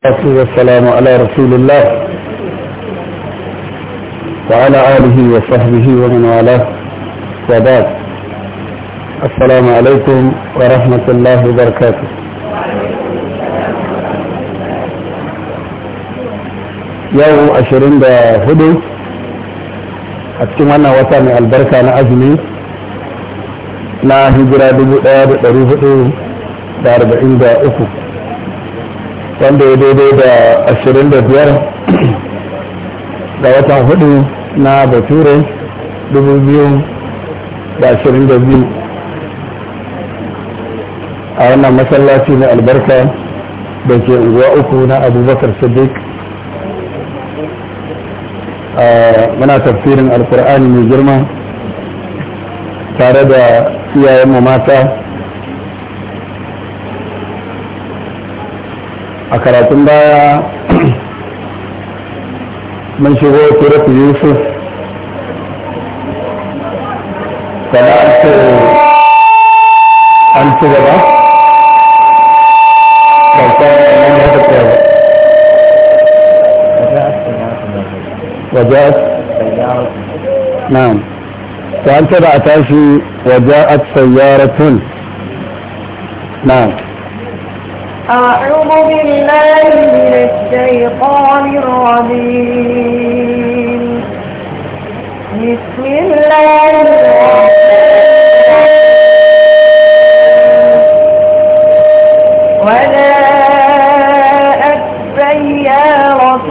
والصلاة والسلام على رسول الله وعلى آله وصحبه ومن والاه وبعد السلام عليكم ورحمة الله وبركاته يوم عشرين دا هدو أتمنى وطن البركة أنا أزمي لا هجرة دبو دار دا دار بعين دا اخو wanda ya daidai da ashirin da biyar ga watan hudu na bature dubu biyu da ashirin da biyu a wannan masallaci na albarka da ke unguwa uku na abubakar sadiq muna tafsirin alkur'ani mai girma tare da iyayenmu mata a karatun من شغل سورة يوسف فلا أن تغضى وجاءت نعم وأن تبع وجاءت سيارة نعم أعوذ بالله من الشيطان الرجيم بسم الله وجاءت سيارة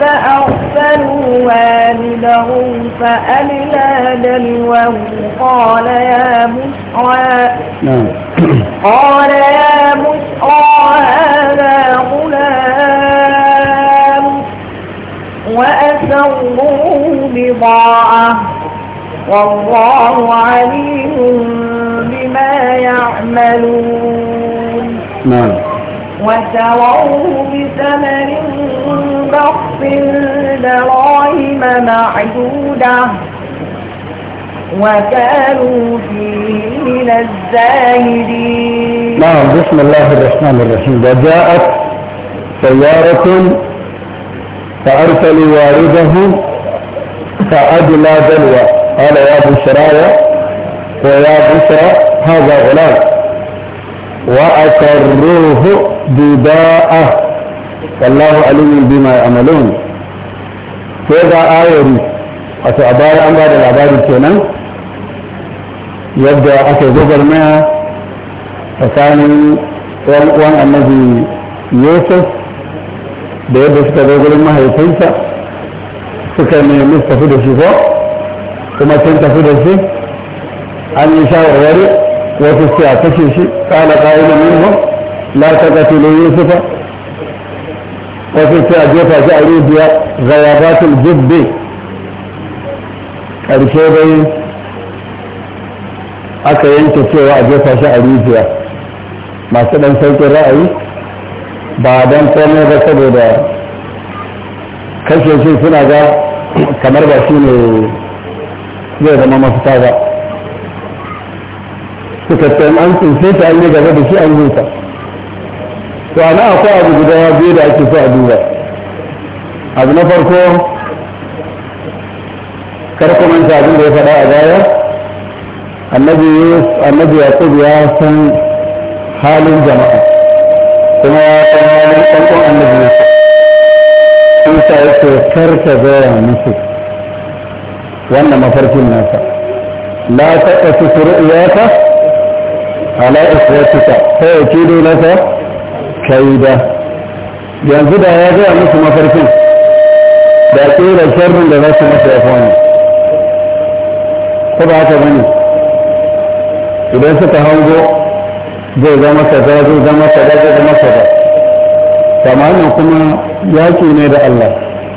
فأرسلوا والدهم فأملا دلوه قال يا بشرى نعم. قال طاعة والله عليم بما يعملون نعم وتروه بثمن بخص دراهم معدودة وكانوا فيه من الزاهدين نعم بسم الله الرحمن الرحيم وجاءت سيارة فأرسلوا واردهم فأدنى دلوى قال يا بشرى ويا بشرى هذا غلام وأسروه بداءة والله عليم بما يعملون كذا آيري أتعبار أمر العبار كنا يبدأ أتو جبر ما فكان وان النبي يوسف da yadda ما هي gurin suka nemi tafi da shi ko kuma sun tafi da shi an yi shawarwari wasu su a kashe shi kala kayan minhu la ta katilu yusufa wasu su a jefa shi a rijiya zawabatul jibbi ƙarshe dai aka yanke cewa a jefa shi a rijiya masu ɗan sauƙin ra'ayi ba don komai ba saboda kashe shi suna ga kamar ba shi ne zai zama mafita ba suka ce an tsince ta an yi gaba da shi an zuta to ana akwai abu guda biyu da ake so a duba abu na farko kar ku manta abin da ya faɗa a baya annabi annabi yaqub ya san halin jama'a kuma ya san halin ɗan annabi yusuf yasa yake karka zaya musu wannan mafarkin nasa la ta ƙasu suru'iyata ala isra'atuka sai ya kido nasa kaida yanzu da ya gaya musu mafarkin da ƙera sharrin da za su masa ya fani ko ba haka bane idan suka hango zai zama kaza zai zama kaza zai zama kaza kamar kuma yaƙi ne da Allah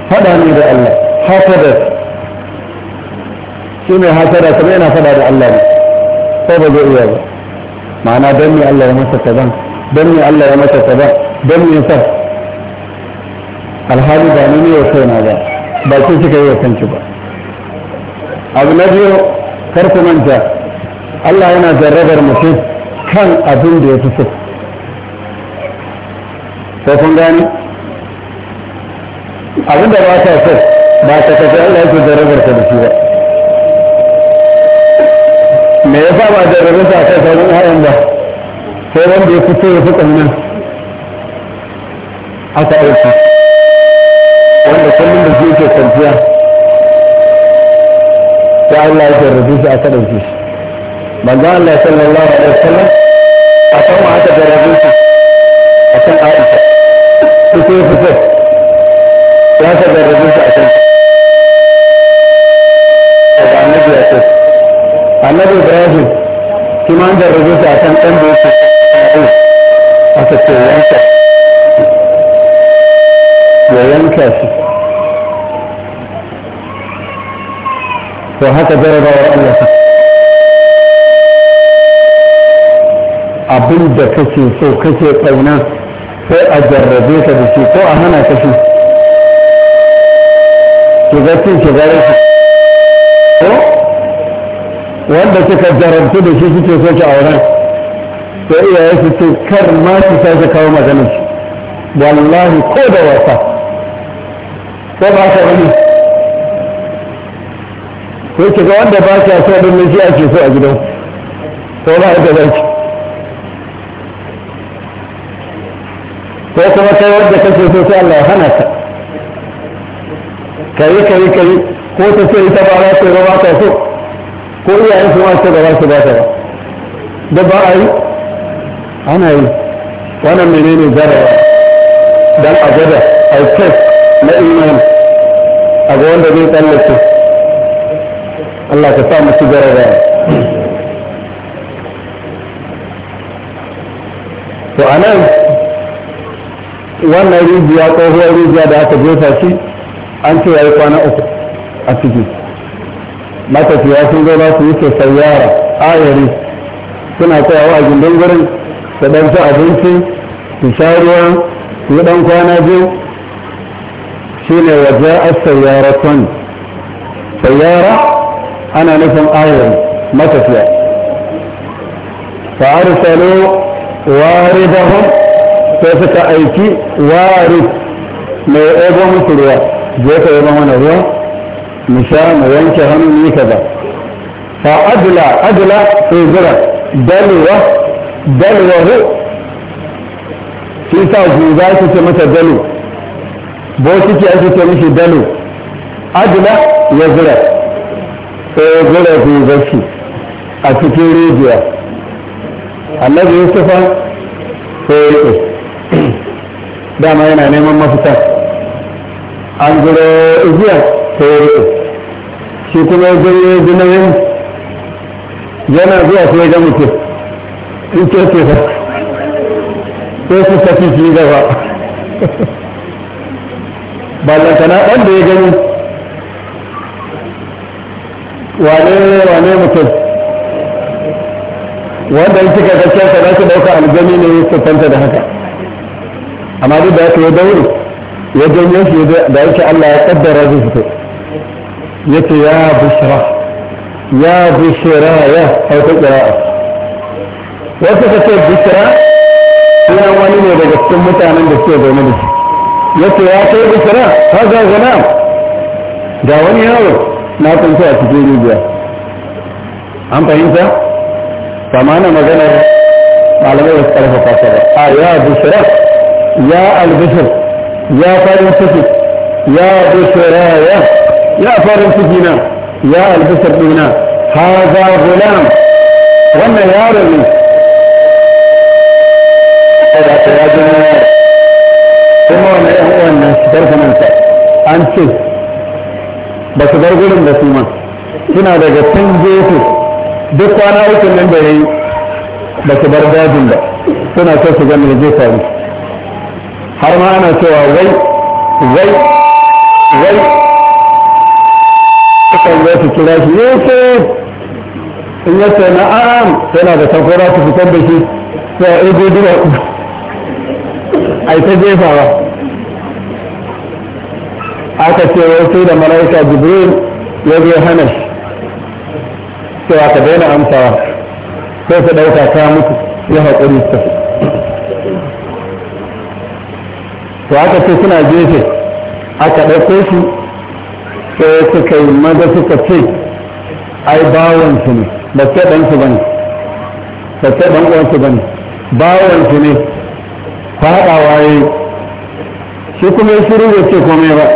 fada ne da Allah hasada shi mai hasada kuma yana fada da Allah ne sai ba zai iya ba ma'ana don me Allah ya masa kaza don me Allah ya masa kaza don me sa alhali ba ni ne ya kai na ba ba ke kika yi wa ba abu na biyu kar ku manta Allah yana jarrabar mutum kan abin da ya fi so ko kun gani abinda ba ta so ba ta kafa Allah yake jarabar ta da shi ba me yasa ba jarabar ta kai sauran ayan ba sai wanda ya fito ya fi ƙaunar aka aika wanda kullum da shi ke kwanciya ya Allah ya jarabe shi aka ɗauke shi manzo Allah sallallahu alaihi wasallam a kan ma aka jarabe shi a kan Aisha fito ya fito ثلاثه درجات عشان النبي اساس النبي ابراهيم كمان درجات عشان كان بيقول وينكس وهكذا رضا الله abin da kake so kake kauna sai a jarrabe ka da shi ko a hana ka shi shiga cin shiga rashi wanda suka jarantu da shi suke so a auren to iyaye su ce kar ma su sake kawo maganin shi wallahi ko da wasa ko ba ka wani ko ki ga wanda ba ka so din shi ake so a gidan ko ba ka zaki ko kuma kai wanda kake so sai Allah ya hana ka kai kai kai ko ta ce ita ba za ta yi ba ta so ko iyayen su ma ce ba za su ba ta ba da ba a yi ana yi wannan menene jarawa dan a gada a test na imani a ga wanda zai tsallake Allah ka sa mu ci jarawa to anan wannan rijiya tsohuwar rijiya da aka jefa shi an ce ya yi kwana uku a ciki matafiya sun zo ba su wuce yara ayari suna tsayawa a gindin gurin su ɗan ci abinci su sha ruwa su yi ɗan kwana biyu shine waje a sayyara ton. sayyara ana nufin ayari matafiya wari waridahum sai suka aiki wari mai ego musu ruwa je ka yi mana ruwa mu sha mu yanke hannu ni kaza fa adla adla sai zira dalwa dalwa hu shi sa guza su ce mata dalu bokiti ake ce mishi dalu adla ya zira sai ya zira guzar shi a cikin rijiya annabi yusufa sai ya dama yana neman mafita an zuro igiya sai ya rike shi kuma ya zuro jinayen yana zuwa sai ga mutum in ce ce ba sai su tafi shi gaba ba lantana ɗan da ya gani wane wane mutum wanda in cika ga kyansa za su ɗauka aljami ne ya tantance da haka amma duk da haka ya daure ya janyo shi da yake Allah ya kaddara zai fito ya ce ya bushra ya bushra ya hauka ƙira'a wasu ka ce bushra ya wani ne daga cikin mutanen da suke zaune da shi ya ce ya kai bushra haza gana ga wani yawo na kunsa a cikin rijiya an fahimta samana maganar malamai da su karfafa ta ba a ya bushra ya albishir ya farin ciki ya bushiraya ya farin ciki na ya albisar dina haza gulam wannan yaro ne da ta ya ji kuma wannan yan uwan nan shigar kananta an ce ba su bar gurin da su ma suna daga can gefe duk kwana uku nan da ya yi ba su bar dajin ba suna so su gani da zai faru har ma ana cewa wai wai wai kan za su kira shi yusuf in ya ce na'am yana da takwara su fitar da shi sai a ɗago duwa a ta jefawa aka ce sai da mala'ika jibril ya zo hana shi cewa ka daina amsawa sai su ɗauka ta mutu ya haƙuri ta to aka ce suna gefe aka ɗauko shi sai suka yi maza suka ce ai bawon ne ba sai ɗansu ba ne ba sai ɗan uwansu su ne bawon shi ne faɗa waye shi kuma ya shiru bai ce kome ba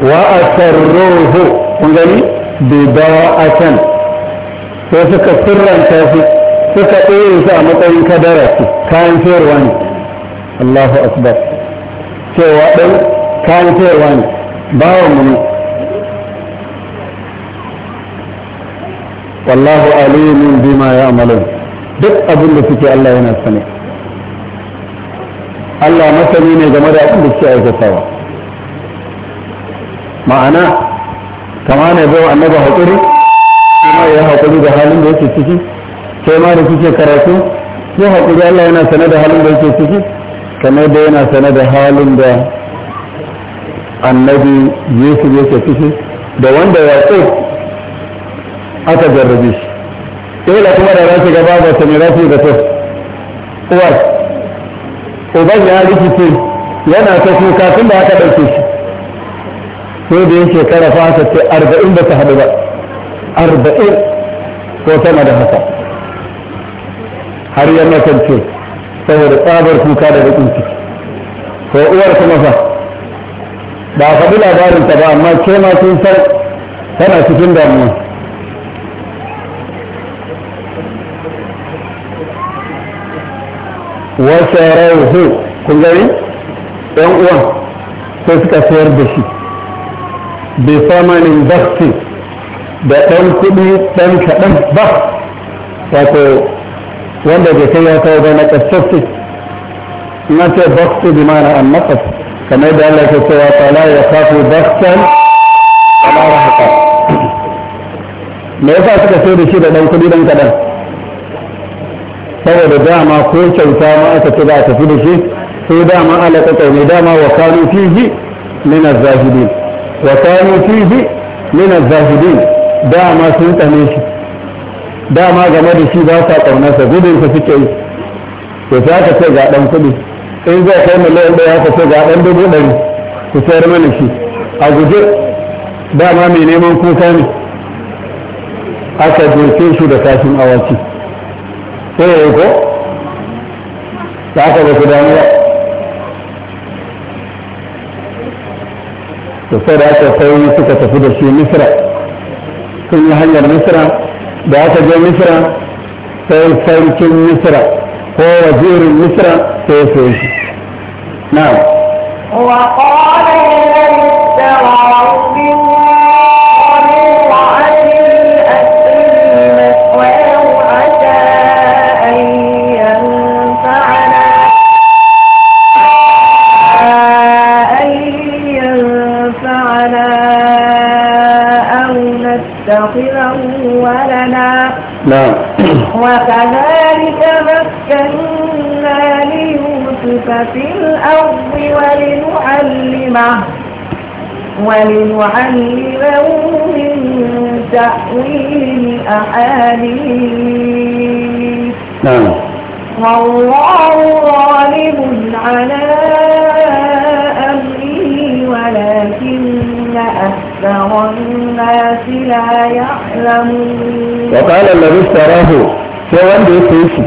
wa a sarroho kun gani bai bawa a can sai suka sirranta shi suka ɗore su a matsayin kadara su kayan sayarwa ne Allahu akbar cewa ɗan kayan sayarwa ne bawan mu ne wallahu alimin bima ya amalun duk abin da suke Allah yana sani Allah masani ne game da abin da suke aikatawa ma'ana kama ne bai wa annaba haƙuri kuma ya haƙuri da halin da yake ciki kai ma da kike karatu ki haƙuri Allah yana sane da halin da yake ciki kamar da yana sane da halin da annabi Yusuf yake ciki da wanda ya Yaqub aka jarrabe shi kila kuma da rashi gaba da rafi da to uwar uban ya rikice yana ta kuka tun da aka ɗauke shi sai da yake karafa ta ce arba'in ba ta haɗu ba arba'in ko sama da haka har ya makance saboda tsabar kuka da bakin ciki ko uwar kuma fa ba a faɗi labarinta ba amma ke ma sun san tana cikin damuwa wasarauhu kun gani ɗan uwan sai suka sayar da shi bi samanin bakti da ɗan kuɗi ɗan kaɗan ba wato wanda bai kai ya kawo ba na kasassu na ce baksu bi mana an nafas kamar da Allah ke cewa fala ya kafu baksan fala ya haka me yasa suka so da shi da ɗan kuɗi ɗan kaɗan saboda dama ko kyauta ma aka ce za a tafi da shi sai dama ala ta tsaune dama wa kanu fihi min az-zahidin wa kanu fihi min az-zahidin dama sun tsane shi dama game da shi ba sa sa gudun sa suke yi to sai aka ce ga dan kudi in zai kai miliyan ɗaya aka ce ga dan dubu ɗari ku sayar mana shi a guje dama mai neman kuka ne aka doke shi da kashin awaki sai ya yi ko da aka ba ku damuwa ba to sai da aka sai suka tafi da shi misra sun yi hanyar misra da aka je misira sai sarkin misira ko wazirin misira sai sai shi na'am وكذلك مكنا ليوسف في الأرض ولنعلمه ولنعلمه من تأويل الأحاديث نعم والله غالب على أمره ولكن أكثر الناس لا يعلمون وقال الذي اشتراه sai wanda ya sayi shi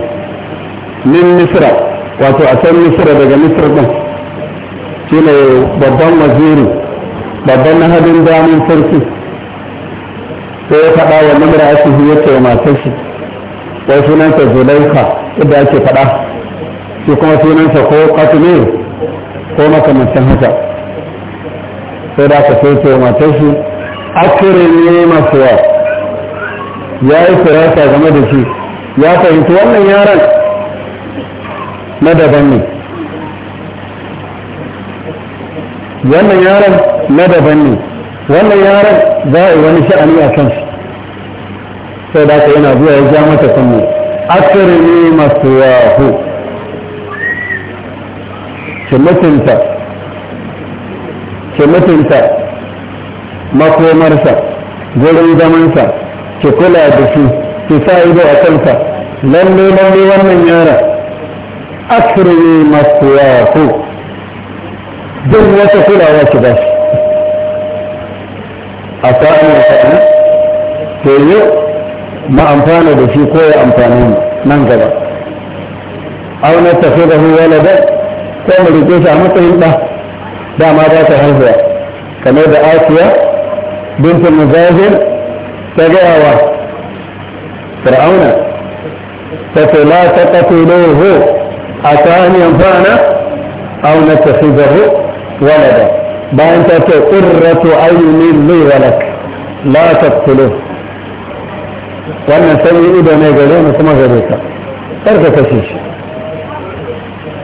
min misra wato a san misra daga misra ɗin shi ne babban waziri babban na hadin damin sarki sai ya faɗa wa namira a cikin ya ce matar shi wai sunanta zulaika inda ake faɗa shi kuma sunansa ko katune ko makamancin haka sai da aka sai ce matar shi akire ne masuwa ya yi firata game da shi ya fahimci wannan yaran na daban ne wannan yaran na daban ne wannan yaran za a yi wani sha'ani a kan shi sai da aka yana zuwa ya ja mata kunni akirni masu yahu ki mutunta ki mutunta makomarsa gurin zamansa ki kula da shi ki sa ido a kansa lalle lalle wannan yara akrimi maswaku duk wata kulawa ki ba shi a sa'an ya faɗi to yi ma amfana da shi ko ya amfani nan gaba auna tafi da huwa da ko mu rike shi a matsayin ɗa dama ba ta haihuwa kamar da asiya bintin muzajir ta gaya wa فرعون فلا تقتلوه عسى أن ينفعنا أو نتخذه ولدا بأن قرة عين لي ولك لا تقتلوه وانا سمي إذا ما يقولون كما غيرك ترك تشيش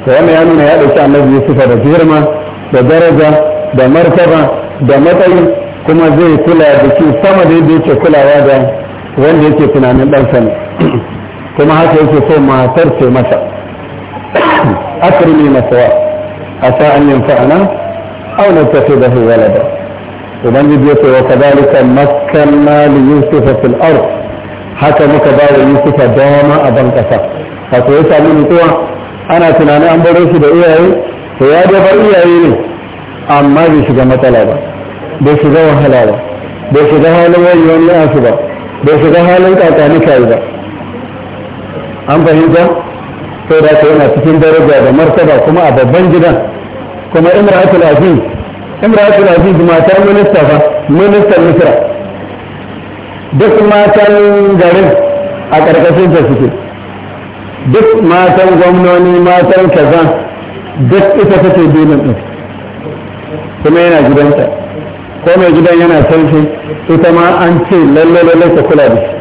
وأنا يعني هذا الشيء الذي يوسف بجرمة بدرجة بمرتبة بمطي كما زي كلا بشيء سما دي بيش كلا وادا wanda yake tunanin ɗansa ne kuma haka yake so matar ce masa akrimi masawa a sa an yin fa'ana au na tafi da walada ubangiji yake wa kadalika makkanna li yusufa fil ard haka muka ba wa yusufa dama a ban kasa wato ya sami nutsuwa ana tunanin an baro shi da iyaye to ya da dafa iyaye ne amma bai shiga matsala ba bai shiga wahala ba bai shiga halin wani wani asu ba bai shiga halin kakani kai ba an fahimta sai da yana cikin daraja da martaba kuma a babban gidan kuma imratul aziz imratul aziz mata minista fa ministan misra duk matan garin a karkashin ta suke duk matan gwamnoni matan kaza duk ita take dinin din kuma yana gidanta ko mai gidan yana sarki ita ma an ce lalle lalle ka kula da shi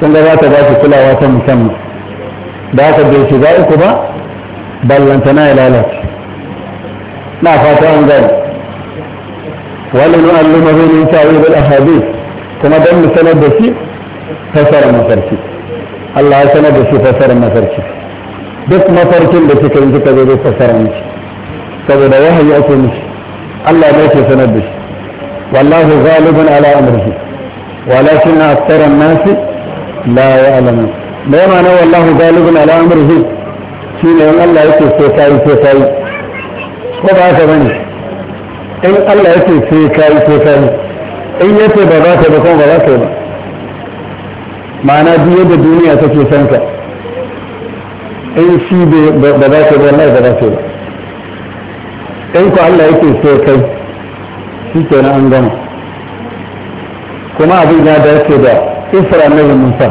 sun ga za ta ba shi kulawa ta musamman da haka bai shiga uku ba na ya lalace na fata an gani wani nu'allima zai min ta'wil a ahadith kuma dan mu sanar da shi fasara mafarki Allah ya sanar da shi fasara mafarki duk mafarkin da kika yi kika zo zai fasara miki saboda wahayi ake mishi Allah ya ke sanar da shi والله غالب على أمره ولكن أكثر الناس لا يعلمون ما معنى والله غالب على أمره شيء أن الله يكي سيكاي سيكاي وبعث بني إن الله يكي سيكاي سيكاي إن يكي بغاك بكون بغاك بغاك ma'ana duk yadda duniya take son ka in بغاك بغاك بغاك بغاك ba wallahi ba za ka ba in ku Allah yake so kai shi kenan an gama kuma abin ya dace da isra na musa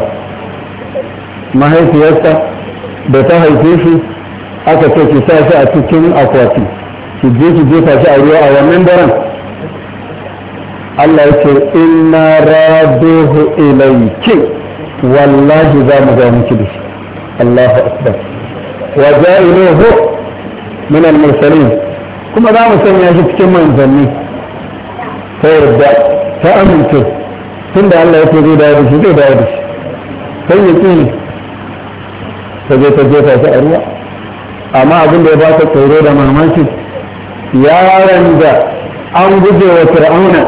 mahaifiyarsa da ta haife shi aka ce ki sa shi a cikin akwati ki je ki jefa shi a ruwa a wannan daren Allah ya ce inna raduhu ilayki wallahi za mu ga miki da shi Allahu akbar wa ja'iluhu min al-mursalin kuma za mu sanya shi cikin manzanni ta yarda ta amince tun da Allah ya ce zai dawo da shi zai dawo da shi sai ya ƙi ta je ta jefa shi a ruwa amma abin da ya ba ta tsoro da mamaki yaron da an guje wa fir'auna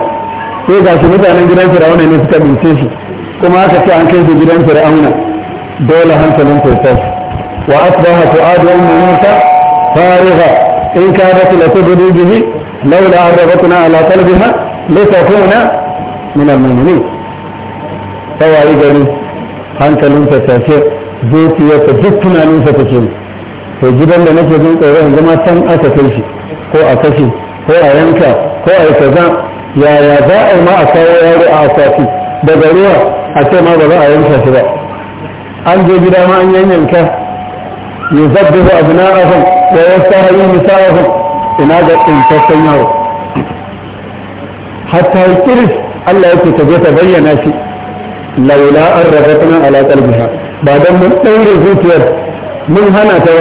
sai ga shi mutanen gidan fir'auna ne suka bince shi kuma aka ce an kai shi gidan fir'auna dole hankalin sosai wa asbaha fu'adu ummi musa fariha in kanat la tudri bihi laula arbatna ala qalbiha laisa kuna min al-mu'minin tawayi gari hankalinsa tafiya zuciyarsa duk tunaninsa take to gidan da nake jin tsoro yanzu ma can aka kai shi ko a kashe ko a yanka ko a kaza yaya za a yi ma a kawo yaro a akwati daga ruwa a ce ma ba a yanka shi ba an je gida ma an yanyanka yuzabbihu abna'ahum wa yastahi nisa'ahum ina ga tsintaccen yaro hatta yi kiris Allah yake ta je ta bayyana shi laula an rabatna ala qalbiha ba don mun ɗaure zuciyar mun hana ta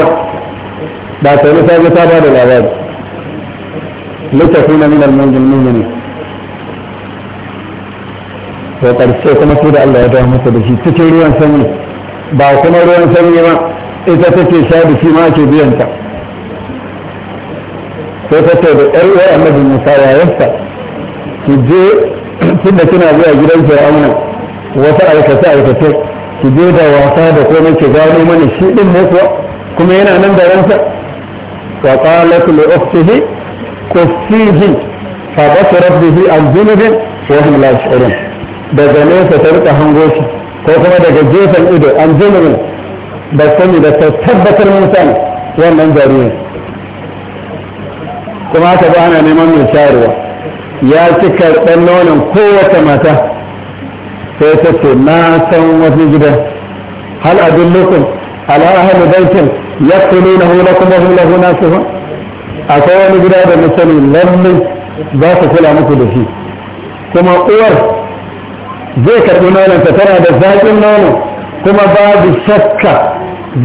ba ta ne ta ta ba da labari litakuna min al-mu'minin to karshe kuma sai da Allah ya dawo masa da shi cikin ruwan sanyi ba kuma ruwan sanyi ba ita take sha da shi ma ake biyan ta sai ta ce da ƴar uwar annabi Musa ya yasta ki je da kina zuwa gidan fir'auna wata aikace aikace ki je da wasa da komai ki gano mana shi din ne kuwa kuma yana nan da ransa wa qalat li ukhtihi kufihi fa basarat bihi an dhunubin wa hum la yash'urun daga nesa ta rika hango shi ko kuma daga gefen ido an dhunubin da sani da ta tabbatar musa ne wannan jaririn kuma aka ba ana neman mai shayarwa ya ci karɓar nonon kowace mata sai ta ce na san wasu gida hal a lokun ala ahalu baitin ya kulu na hula kuma hula hula su ba akwai wani gida da misali lallai za su kula muku da shi kuma uwar zai karɓi nonon ta tana da zaƙin nono kuma babu shakka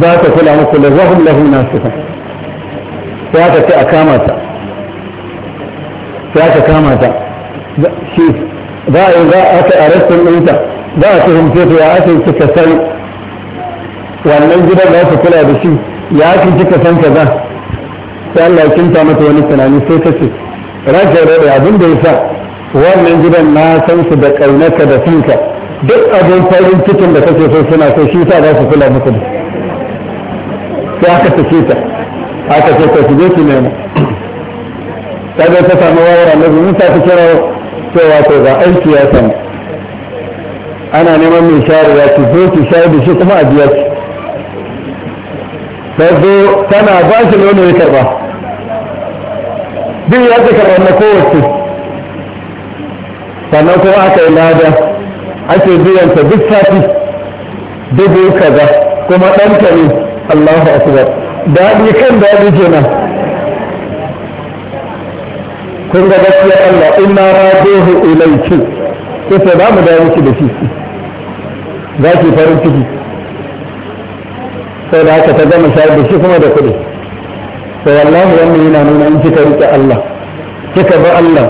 za ta kula muku da zahun lahu na su ba ta ce a kama ta ya ka kama ta shi za a yi za a aka arrestin ɗinta za a tuhumce ta ya ake kika san wannan gidan za su kula da shi ya ake kika san kaza sai Allah ya kinta mata wani tunani sai ta ce rashin rada abin da ya sa wannan gidan na san su da ƙaunarka da sanka duk abin farin cikin da kake so suna so shi sa za su kula muku da shi sai aka tafi ta aka ce ka su je ki nema kaga ta samu wayar annabi musa ta kira cewa to ga aiki ya samu ana neman mai shayar ya ci zo ki shayar da shi kuma a biya ki ta zo tana ba shi nono ya karba duk ya ta karɓar na kowace sannan kuma aka yi lada ake biyan ta duk sati dubu kaza kuma ɗanta ne Allahu akbar daɗi kan daɗi kenan kun ga gaskiya Allah in na radohu ilaiki kusa ba mu dawo miki da shi za ki farin ciki sai da haka ta gama shayar da shi kuma da kuɗi to wallahi wannan yana nuna in kika rike Allah kika bi Allah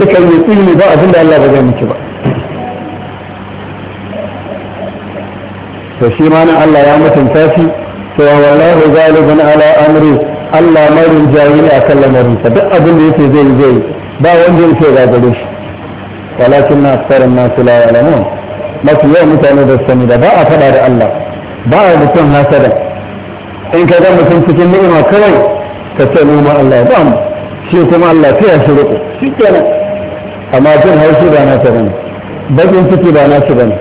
kika yi ilimi ba abin da Allah ba zai miki ba to shi ma Allah ya mutunta shi to wallahi ghalibun ala amri Allah marin jayi ne akan lamarinsa duk abin da yake zai zai ba wanda yake gagare shi walakin na tsarin masu la ya'lamun mafi yawan mutane da sani da ba a faɗa da Allah ba a mutum hasada in ka ga mutum cikin ni'ima kawai ka ce noma Allah ba mu shi kuma Allah ta ya shiru shi kenan amma jin haushi ba na ta bane bakin ciki ba na shi bane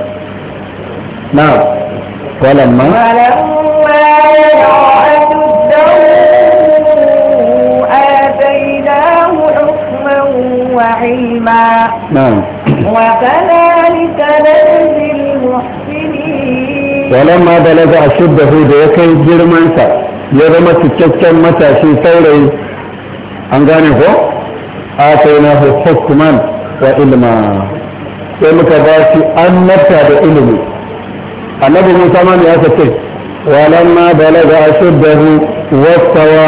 na walamma walamma وعلما نعم وكذلك نجزي المحسنين ولما بلغ أشده بيكي جرمانسا يرمى تكتكم متى شي ثوري أنغاني هو آتيناه حكما وعلما sai muka ba shi annabta da ilimi annabi musa ma ne aka ce walamma balaga ashuddahu wastawa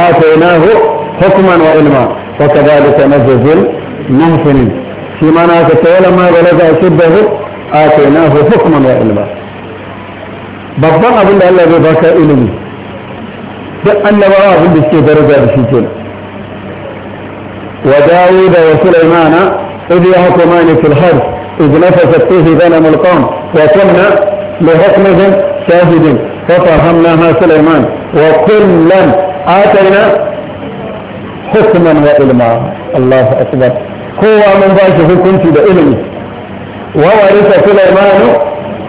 atainahu hukman wa ilma وكذلك نزل المحسنين في مناك ولما بلغ أشبه آتيناه حكما يا وعلما بابا أبو الله الذي بكى إلمي بأن بابا أبو الله الذي درجة بشكل وداود وسليمان إذ يحكمان في الحرب إذ نفست فيه ظلم القوم وكنا لحكمهم شاهدين ففهمناها سليمان وكلا آتينا حكما وعلما الله أكبر هو من باش حكمت بعلمي وورث سليمان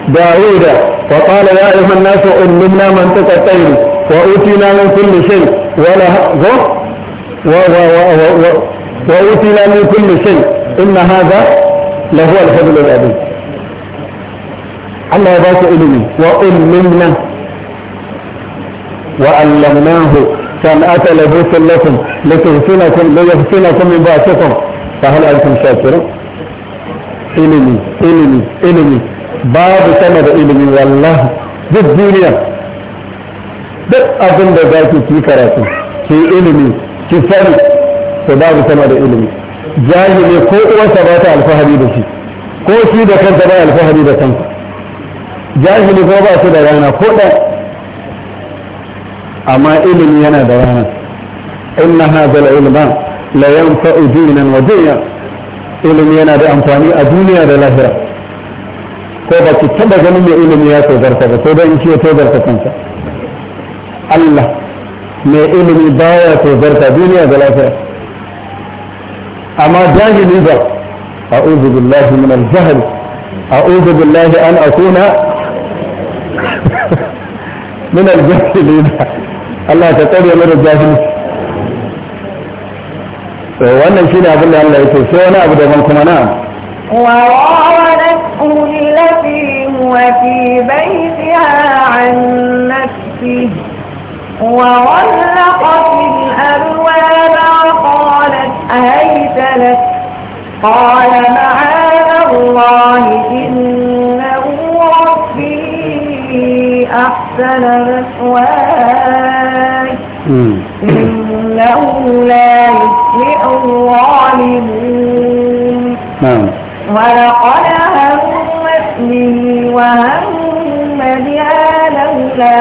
داوود وقال يا أيها الناس علمنا منطق الطير وأوتينا من كل شيء ولا و... و... و... وأوتينا من كل شيء إن هذا لهو الفضل العظيم الله يبارك إلمي وعلمنا وعلمناه كان أتى لبوس لكم لتغسلكم ليغسلكم من بعثكم فهل أنتم شاكرون ilimi ilimi ilimi babu sama da ilimi wallahi duk duniya duk abin da za ki karatu ki ilimi ki sani to babu sama da ilimi jahili ko uwarsa ba ta alfahari da shi ko shi da kanta ba alfahari da kansa jahili ko ba su da rana ko ɗan amma ilimi yana da rana inna hadha al-ilma la yanfa'u dinan wa dunya ilimi yana da amfani a duniya da lahira ko ba ki taba ganin mai ilimi ya tozarta ba ko dan shi ya tozarta kansa Allah mai ilimi baya tozarta duniya da lahira amma jahili ba a'udhu billahi min al-jahl a'udhu billahi an akuna من الجاهلين الله تقول من الجاهلين وانا شيء اقول له الله يتوسع وانا ابدا من كمانا نعم. وراودته التي هو في بيتها عن نفسه وغلقت الابواب وقالت هيت لك قال معاذ الله إن أحسن مثواي إنه لا يفلح الظالمون نعم. ولقد همت به وهم بها لولا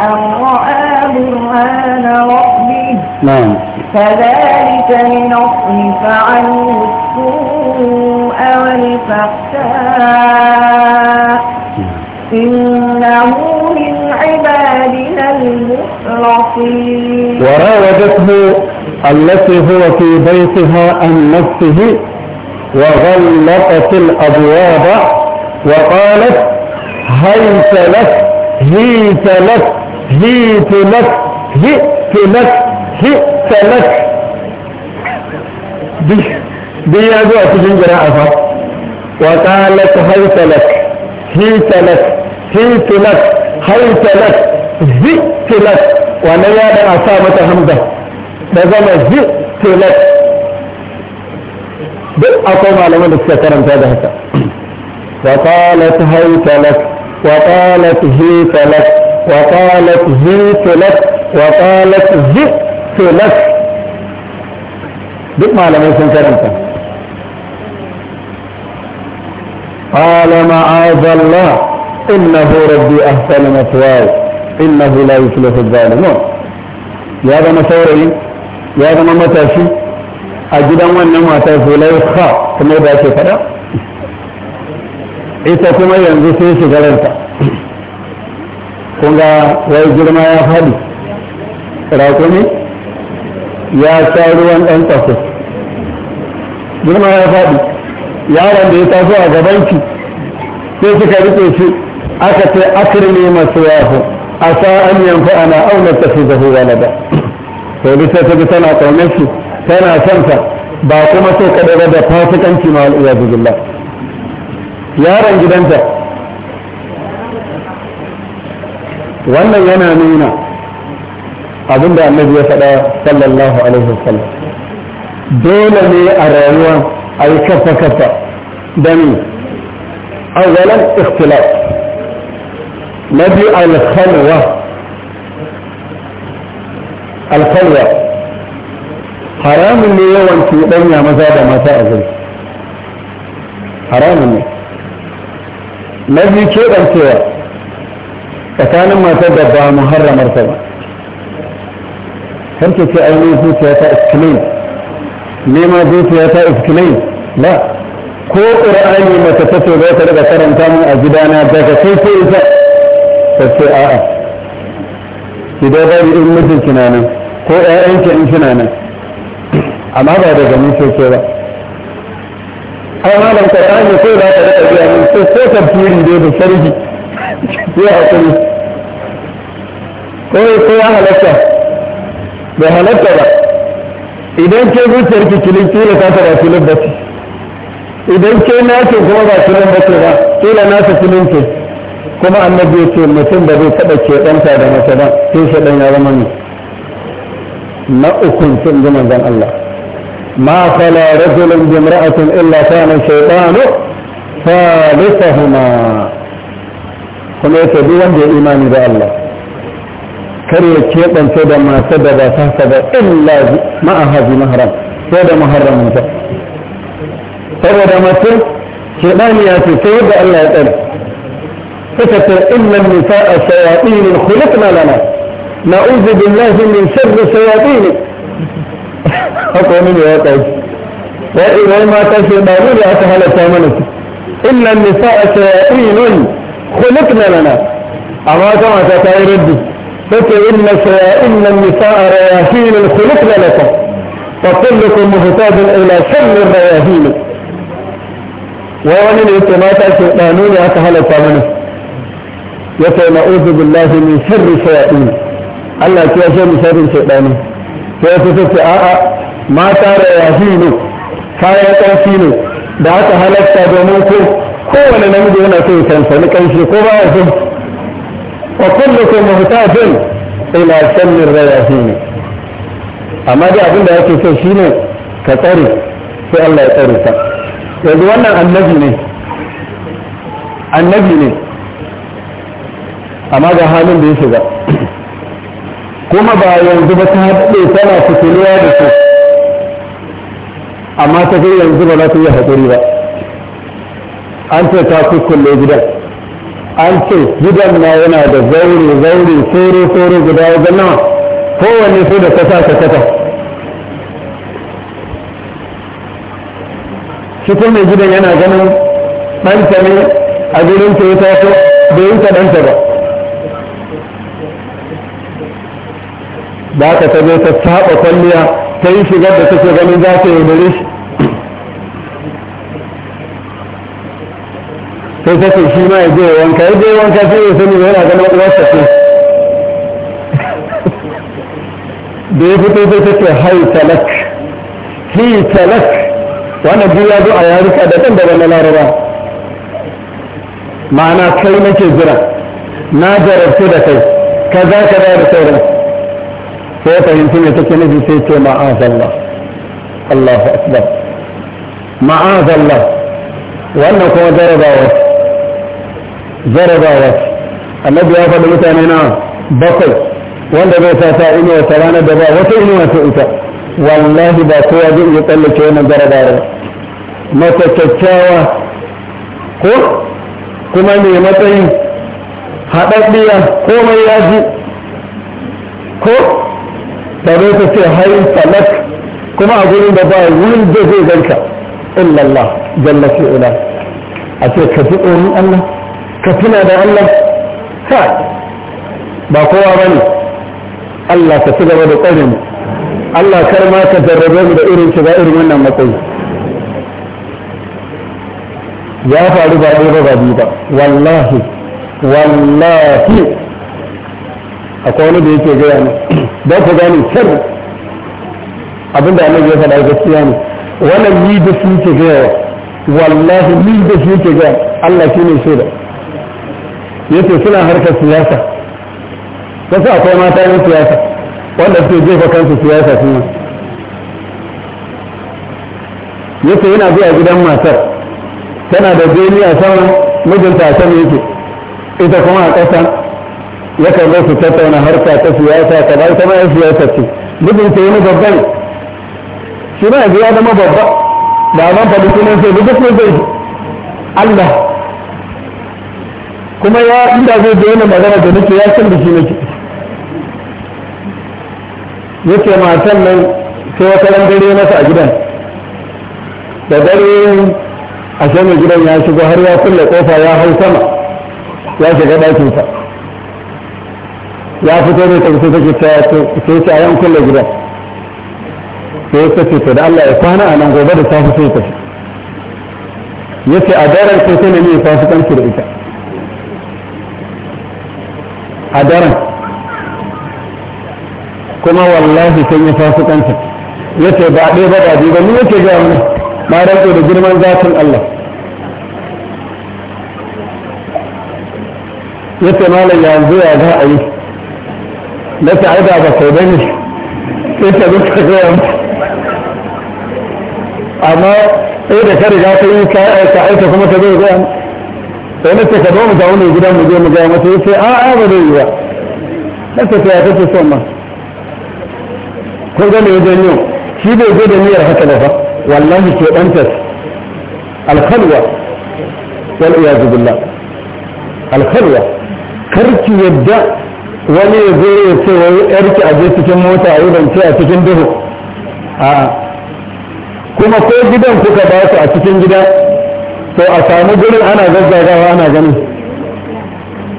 أن رأى برهان ربه نعم. كذلك لنصرف عنه السوء والفحشاء نعم. من عبادنا المخلصين وراودته التي هو في بيتها عن نفسه وغلقت الأبواب وقالت هيت لك هيت لك هيت لك هيت لك هيت لك دي يا جراءة وقالت هيت لك هيت لك hintilat haitalat zittilat wannan ya dan a sa mata hamza da zama zittilat duk akwai malaman da suka karanta da haka وقالت هيت لك وقالت هيت لك وقالت زيت لك وقالت زئت لك duk malamai sun karanta قال معاذ الله إنه ربي أحسن مثواي إنه لا يفلح الظالمون يا ذا مسوري يا ذا متاشي أجد أن ما تاسو لا يخا كما يبقى شيء ita kuma yanzu sai shigararta kun ga wai girma ya faɗi rakumi ya sha ruwan ɗan tafi girma ya faɗi yaron da ya taso a gabanki sai suka rike shi aka ce akirni masuwahu asa an yanfa'ana aw nattakhidahu walada to duk ta ga tana kaunar shi tana son sa ba kuma so ka daga da fasikanci ma al'iyadu billah yaron gidanta wannan yana nuna da annabi ya faɗa sallallahu alaihi wasallam dole ne a rayuwa a yi kafa kafa da ni awalan ikhtilaf na biyu alkhalwa alkhalwa haramun ne yawan cuɗanya maza da mata a zai haramun ne na biyu keɓancewa tsakanin matar da ba mu harramar ta ba harke ce ainihin zuciya ta iskilin ta ko ƙur'ani mata ta ce ta daga karanta mu a gidana daga sai sai ta a'a idan ba in mijin kina nan ko ƴaƴanki in kina nan amma ba daga mun ke ba ai malam ka ta ne sai za ka daga biya min sai ko tafsiri dai da sarki ya hakuri ko ko ya halatta ba halatta ba idan ke zuciyar ki kilin kila ta tara kilin ba idan ke nace kuma ba kilin ba ke ba kila nace kilin ke kuma annabi ya ce mutum da bai taɓa keɓanta da mace ba sai shaɗan ya zama ne na ukun sun ji manzon Allah ma fala rajulun bi imra'atin illa kana shaytanu thalithahuma kuma yace duk wanda ya imani da Allah kar ya ke keɓance da masu da ba ta ba illa ma'aha bi mahram ko da muharramin ta saboda mace keɓani ya ce sai yadda Allah ya tsare فتقول إن النساء شياطين خلقنا لنا نعوذ بالله من شر شياطينك حكمين يا قيس وإذا ما تشبهون يا ثامنك إن النساء شياطين خلقنا لنا أما كما ربي فتقول إن, إن النساء رياحين خلقنا لك فكلكم مهتاج إلى شر الرياحين ومن يتماتى شيطانون أسهل ثامنك yake uzu billahi min sharri shayatin Allah ya ce mu sharrin shaytani sai ta ce a mata da yafi ne kayan ƙarfi ne da aka halatta domin ko kowane namiji yana so ya sansani ƙarfi ko ba ya so wa kullukum muhtajin ila shammin rayahin amma dai abin da yake so shine ka tsare sai Allah ya tsare ka yanzu wannan annabi ne annabi ne amma ga halin da ya shiga kuma ba yanzu ba ta haɗe tana fitiliya da su amma ta kai yanzu ba za ta yi haƙuri ba an ce ta kukkulle gidan an ce gidan na yana da zaure zaure soro soro guda ya zama kowanne su da kasa ka kasa shi kuma gidan yana ganin ɗanta ne a gurin ta ya taso bai yi ta ɗanta ba Ba ka taɓa ta saba kwalliya ta yi shigar da take ganin za ta yaudare shi sai ta ce shi ma ya je wanka ya je wanka sai ya sani yana ganin uwarsa ce da ya fito sai ta ce hai talak hi talak wannan duk ya zo a yaruka da ɗan daga na laraba ma'ana kai nake jira na jarabtu da kai kaza kaza da sauransu sai ya fahimci me take nufi sai ce ma'azallah Allahu akbar ma'azallah wannan kuma jarabawa jarabawa annabi ya faɗi mutane na bakwai wanda zai sa ta inuwa ta ranar da ba wata inuwa ta ita wallahi ba kowa zai iya tsallake wannan jarabawa mata kyakkyawa ko kuma mai matsayin haɗaɗɗiya komai ya ji ko da ta ce hai falak kuma a gurin da ba wurin da zai ganka illallah jalla fi ula a ce ka fi tsoron Allah ka tuna da Allah Ha, ba kowa ba ne Allah ka ci gaba da tsarin Allah kar ma ka jarrabe mu da irin shiga irin wannan matsayi ya faru ba ɗaya ba biyu ba wallahi wallahi akwai wani da yake gaya ne don ku gane sirri abin da annabi ya faɗa gaskiya ne wannan ni da su ke gaya wallahi ni da su ke gaya Allah shi ne shaida yace suna harkar siyasa kasa akwai mata yin siyasa wanda suke jefa kansu siyasa su yace yana zuwa gidan matar tana da a sama mijinta a sama yake ita kuma a ƙasa yakan zo su tattauna harka ta siyasa ka ba ta ma siyasa ce bugun ta ni babban shi ma yanzu ya zama babba da ban faɗi sunan sai duk sun zai Allah kuma ya inda zai da yana magana da nake ya san da shi nake yake matan nan sai wata ran dare masa a gidan da dare a shan gidan ya shigo har ya kulle kofa ya hau sama ya shiga ɗakinsa ya fito ne tafi take ta sai ta yan kulle gida sai ta ce to da Allah ya kwana a nan gobe da safe sai ta ya ce a daren sai ta nemi fasikanci da ita a daren kuma wallahi ya yi kan ya ce ba dai ba ba ba ni yake ga wani na rantse da girman zatin Allah ya ce malam yanzu ya za a yi لا تعيد على صيدانش انت بس خيام اما ايه ده كاري جاتي انت تعيد كما تبير جان فان انت إيه، كدوم تعوني جدام جدام جدام إيه، جدام إيه، اه اه بدي ايوه لكن في عدد السومة كل جان يدنيو شي بي جدا نير حتى لفا والله شو انتس الخلوة والعياذ بالله الخلوة كرتي يبدأ wani ya zo ya ce wai yarki a je cikin mota a yi a cikin duhu a kuma ko gidan kuka ba su a cikin gida to a samu gurin ana gaggagawa ana gani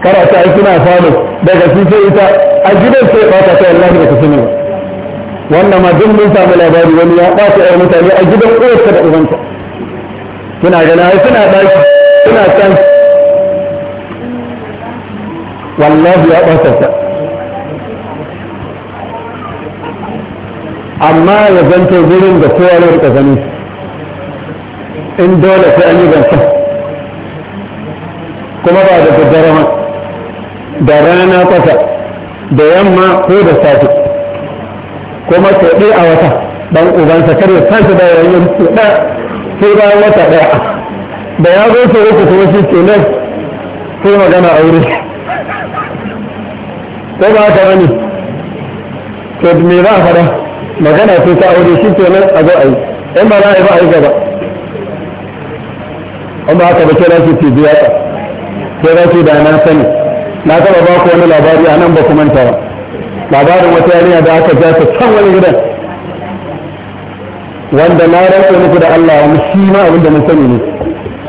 kara ta yi suna samu daga shi sai ita a gidan sai ba ta wallahi da ka sani wannan ma duk mun samu labari wani ya ba ta yar mutane a gidan uwarsa da ubanta kina gana suna ɗaki suna can wallahi ya ɓata amma ya zanta wurin da kowa ya rika gani in dole sai an yi zanta kuma ba da daddare ma da rana kwata da yamma ko da safe kuma sau a wata dan ubansa kar ya sake da yayin ɗaya sai bayan wata ɗaya da ya zo sau uku kuma shi ke nan sai magana a wurin sai ba ta wani to me ba fara magana ce ta aure shi ke nan a zo a yi in ba za a yi ba a yi gaba an ba haka da kira shi ke biya ta kira shi da na sani na taba ba ku wani labari a nan ba ku manta ba labarin wata yarinya da aka ja ta can wani gidan wanda na rantsa muku da Allah wani shi ma abin da mun sani ne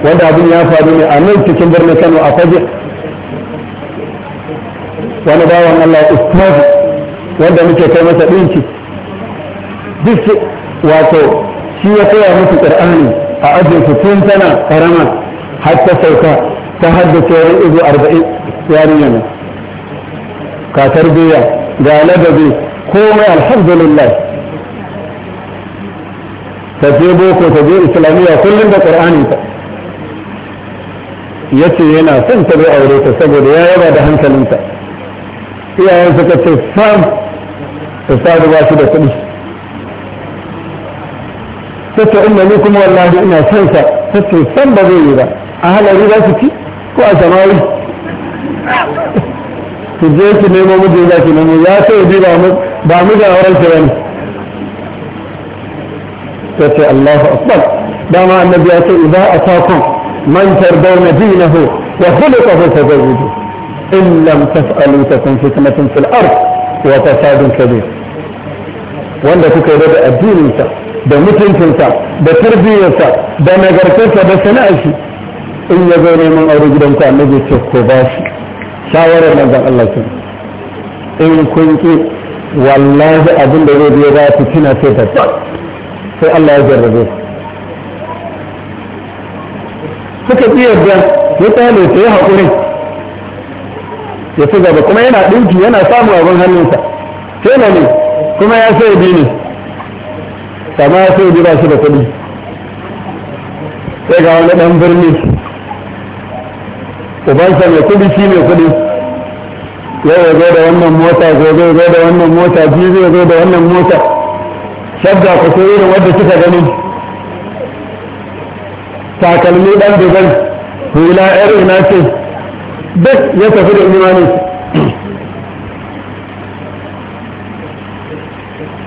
wanda abin ya faru ne a nan cikin birnin Kano a Fajr wani bawan Allah ustaz wanda muke kai masa dinki duk wato shi ya koya musu qur'ani a ajin su tun tana karama har ta sauka ta haddace wani izu arba'in yarinya ne ka tarbiyya ga ladabi komai alhamdulillah ta je boko ta je islamiyya kullum da qur'ani ta yace yana son ta bi aure ta saboda ya yaba da hankalinta iyayen suka ce sam ustadu ba shi da kuɗi ta ce inda ni kuma wallahi ina son sa ta ce sam ba zai yi ba a halari za su ci ko a samari ki je ki nemo miji za ki nemo ya sai bi ba mu ba mu da auren ki bane ta ce Allahu akbar dama annabi ya ce idza atakum man tardawna dinahu wa khuluquhu fazawwiju إن لم تفعلوا تكن فتنة في الأرض وفساد كبير wanda kuka yi da addininsa da mutuncinsa da tarbiyyarsa da nagartarsa da sana'ar shi in ya zo neman aure gidanku annabi ce ko ba shi shawarar manzon Allah ke. in kun ki wallahi abin da zai biyo za ku tuna sai da sai Allah ya jarrabe ku iya da ya tsale sai haƙuri ya ci gaba kuma yana ɗinki yana samu abin hannunsa tela ne kuma ya sai bi ne kama ya sai bi ba shi da kuɗi sai ga wani ɗan birni ubansa mai kuɗi shi mai kuɗi yau ya zo da wannan mota gobe ya zo da wannan mota jibi ya zo da wannan mota shabda ku sai irin wadda kika gani takalmi ɗan dubai hula ƴar na ce Duk ya tafi da imanin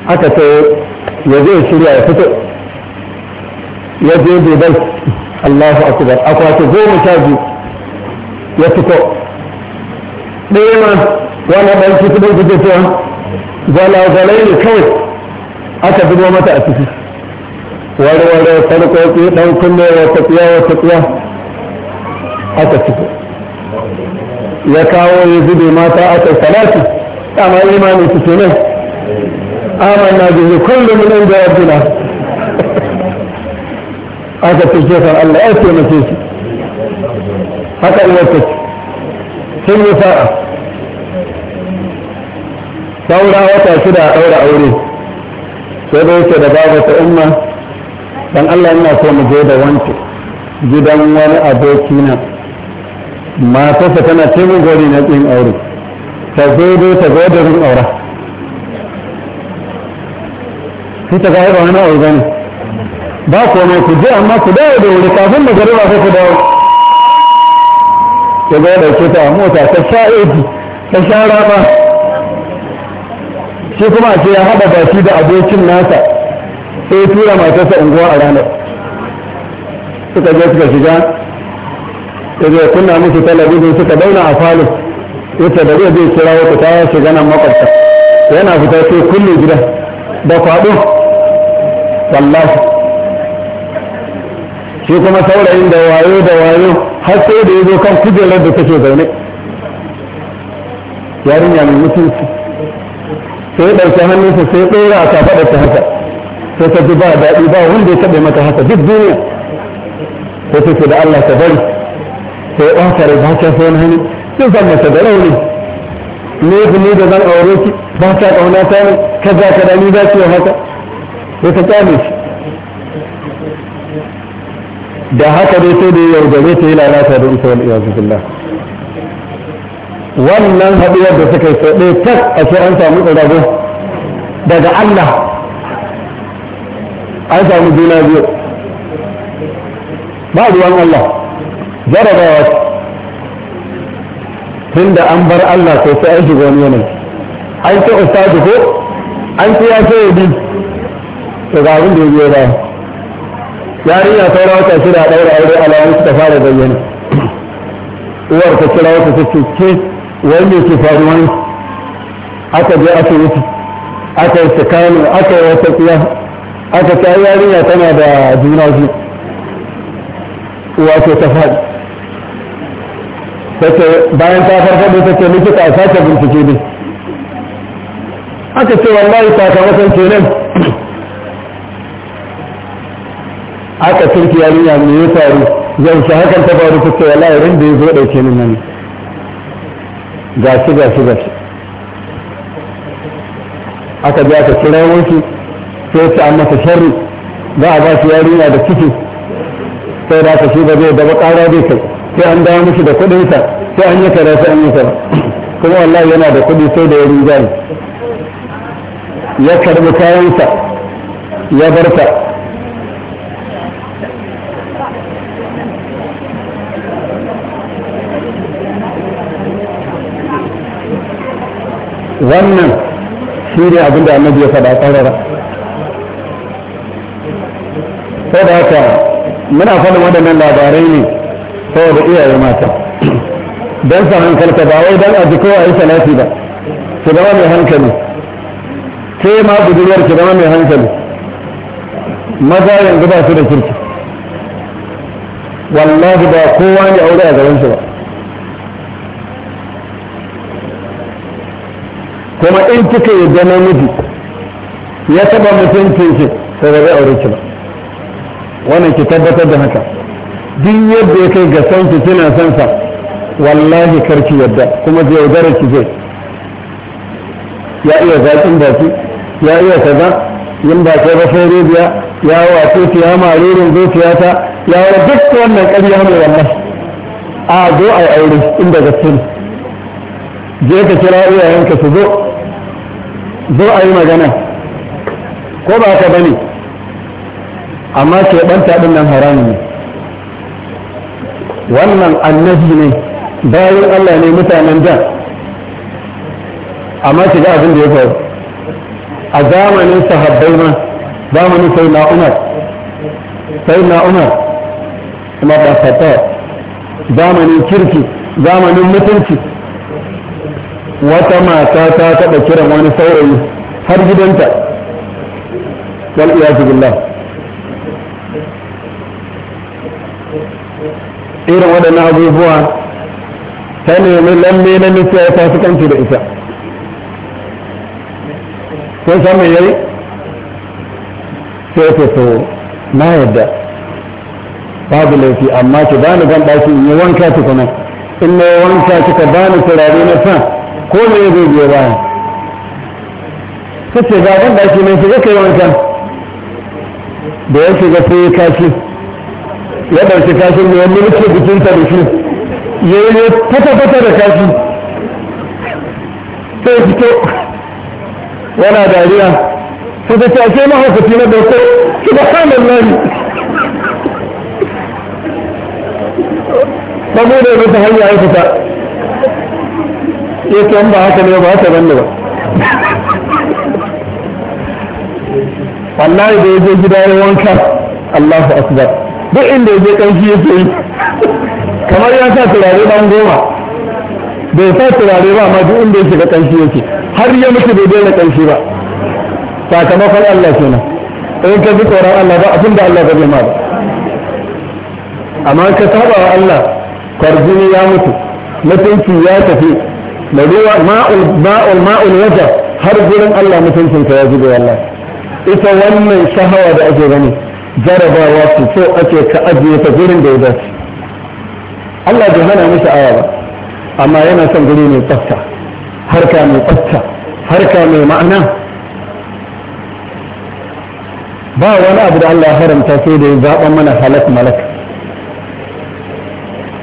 aka ce ya zai shirya ya fito ya je dubai allahu akbar akwati goma sha biyu ya fito ɗaya ma wani ɗan shi kudin kuke cewa gwalagwalai ne kawai aka zubo mata a ciki warware farkoki ɗan kunne wata tsiya wata tsiya aka ciki ya kawo ya zube mata aka salatu amma imanin su kenan amanna bihi kullu min inda rabbina aka fice kan Allah ya ce mace shi haka uwar ta sun yi sa'a saura wata shida a ɗaura aure sai da yake da babu ta umma dan Allah ina so mu je da wanke gidan wani aboki na matarsa tana taimun gori na ƙin aure ta zo ta zo da rin aura sai ta gaya ba wani aure gani ba mai ku je amma ku dawo da wuri kafin da gari ba sai ku dawo ta ga da ta mota ta sha eji ta sha raba shi kuma ce ya haɗa baki da abokin nasa sai tura matarsa unguwa a ranar suka je suka shiga ya zai kunna musu talabijin suka dauna a falin yace da zai zai kira wata ta shiga nan makwabta yana fita sai kulle gida da kwaɗo wallahi shi kuma saurayin da wayo da wayo har sai da ya zo kan kujerar da take zaune yarinya mai mutunci sai ɗauki hannunsa sai ɗora a kafaɗa ta haka sai ta ji ba daɗi ba wanda ya taɓa mata haka duk duniya sai ta ce da Allah ta bari oosaray baashaa soo nahanin ninkaad masadalawni niiqniidadan ooreyti baashaa qawnaataanay kadaa kadaa niidaasi haka watajaamisi da haka dai sai da yaudare ta yi lalata da ita wal iyazu billah wannan haɗuwar da suka yi sau ɗaya tas ashe an samu tsirago daga Allah an samu juna biyu ba ruwan Allah jarabawa tun da an bar Allah ko sai an shiga wani yanayi an ce ustadu ko an ce ya ce bi to ga abin da ya biyo baya yarinya saura wata shida ɗaura aure alawan suka fara bayyana uwar ta kira wata ta ce ke wai ke faruwa ne aka je asibiti aka yi tsakanin aka yi wata tsiya aka ta yarinya tana da juna biyu wato ta faɗi take bayan ta farfaɗo take likita a sake bincike ne aka ce wallahi sakamakon nan aka turki yarinya me ya faru zan shi hakan ta faru ta ce wallahi rin da ya zo ɗauke ni nan shi gashi shi aka biya aka kira wanki sai ta an masa sharri za a ba shi yarinya da ciki sai da aka shi ba zai da bakara zai kai sai an dawo mishi da kuɗinsa sai an yi kare sai an yi kare kuma wallahi yana da kuɗi sai da ya jari ya karbi kayansa ya barta wannan shi ne abin da annabi ya faɗa ƙarara da haka muna faɗin waɗannan labarai ne saboda iyaye mata don sa hankalta ba wai don aji ko a yi salati ba ki zama mai hankali ke ma budurwar ki zama mai hankali maza yanzu ba su da kirki wallahi ba kowa ne aure a gaban ba kuma in kika yi zama miji ya taba mutuncin ki sai da zai aure ki ba wannan ki tabbatar da haka duk yadda ya kai ga son ki kina son sa wallahi karki yadda kuma zai yaudara ki zai ya iya zaƙin baki ya iya kaza yin ba kai ba rubiya ya wato ki ya marerin zuciya ta ya wa duk wannan ƙarya ne wallahi a zo a yi aure inda gaske ne je ka kira iyayenka su zo zo a yi magana ko ba ka bane amma ke ɗanta ɗin nan haramun ne wannan annabi ne bayan Allah ne mutanen da amma shiga abin da ya faru a zamanin sahabbai ma zamanin sai na umar sai na umar kuma ba fata zamanin kirki zamanin mutunci wata mata ta taɓa kiran wani saurayi har gidanta wal jigilar. billah irin waɗannan abubuwa ta nemi lalle na nufiya ya kanci da ita sai samu yi sai ya so na yadda babu laifi amma ki bani ban ɗaki in yi wanka ki kuma in na wanka kika bani turare na sa ko me zai biyo sai kace ga ban ɗaki mai shiga kai wanka da ya shiga sai ya kashi ya ɗauki kashin da wani nufin bikinta da shi ya yi fata-fata da kashi sai fito yana dariya sai ta ce mahaukaci na dauko su ba hannun lari ba mu da mata hanya ya fita ya ce ba haka ne ba haka banne ba wallahi da ya je gida ya wanka Allahu akbar duk inda ya je kanshi yake yi kamar ya sa turare ban goma bai sa turare ba amma duk inda ya shiga ya yake har ya mutu bai daina kanshi ba sakamakon Allah nan in ka fi tsoron Allah ba abinda da Allah ba zai ma ba amma ka saba wa Allah kwarjini ya mutu mutunci ya tafi na ruwa ma'ul ma'ul wata har gurin Allah mutuncinka ya zube wallahi ita wannan shahawa da ake gani jarabawa su so ake ka ajiye ta gurin da ya dace Allah bai hana mishi aya ba amma yana son guri mai tsafta harka mai tsafta harka mai ma'ana ba wani abu da Allah haramta sai da ya zaɓa mana halak malak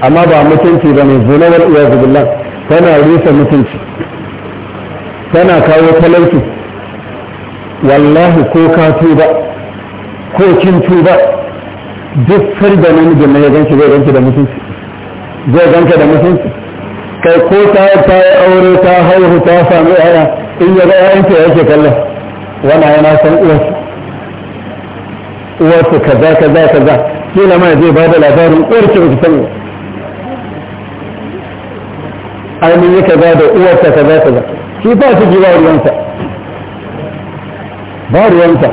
amma ba mutunci ba ne zunawar iyazu billah tana rusa mutunci tana kawo talauci wallahi ko ka tuba ko kin tuba duk furda namijin na ya ganke zai ganke da mutunci zai ganka da mutunci kai ko ta ta yi aure ta haihu ta samu yaya in ya ga yayanta yake kalla wannan yana san uwarsu uwarsu kaza kaza kaza kila ma zai bada labarin uwarki ba ki san yi kaza da uwarta kaza kaza shi ba su ji ba ruwansa ba ruwansa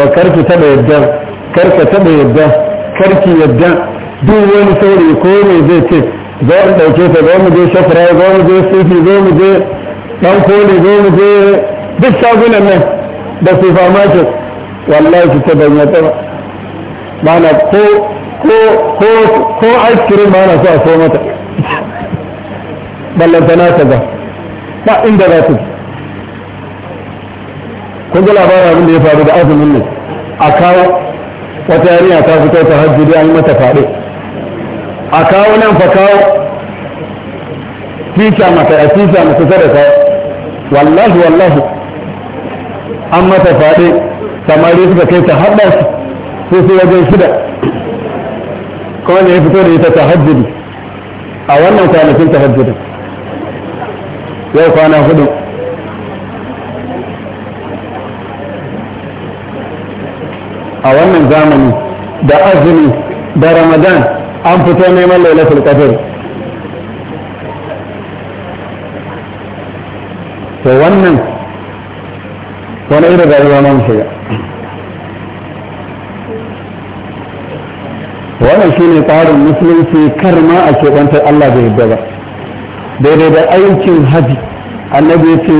wa karki taba yadda karka taba yadda karki yadda duk wani saurayi ko ne zai ce za mu ɗauke ta za mu je shafara za mu je sufi za mu je ɗan koli za mu je duk shagunan nan da supermarket wallahi ki taba yadda ba mana ko ko ko ko ice cream ba na so a so mata ballantana ta ba ba inda za ta ji kun ga labarin abin da ya faru da azumin ne a kawo wata yarinya ta fito ta hajji da an yi mata fade a kawo nan fa kawo tisa mata a tisa mata sadaka wallahi wallahi an mata fade samari suka kai ta haɗa su sai wajen shida kuma ne ya fito da ita ta hajji a wannan kwanakin ta hajji yau kwana hudu a wannan zamani da azumi da ramadan an fito neman lailatul qadr to wannan wani irin rayuwa mun shiga wannan shi ne tsarin musulunci kar ma a keɓantar Allah da yadda ba daidai da aikin haji annabi ya ce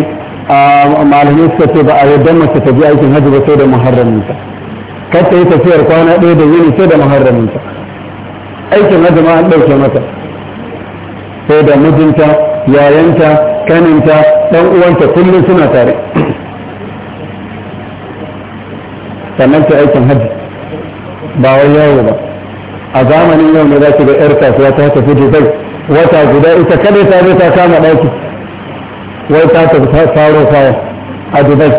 a malamai suka ce ba a yadda mace ta bi aikin haji ba sai da muharram nisa kar ta yi tafiyar kwana ɗaya da yini sai da muharraminta aikin hajjima an ɗauke mata sai da mijinta yayanta kaninta ɗan uwanta kullum suna tare sannan ta aikin hajji ba wai yawo ba a zamanin yau ne za ki ga yar kasuwa ta tafi dubai wata guda ita kada ta zo ta kama ɗaki wai ta tafi faro kaya a dubai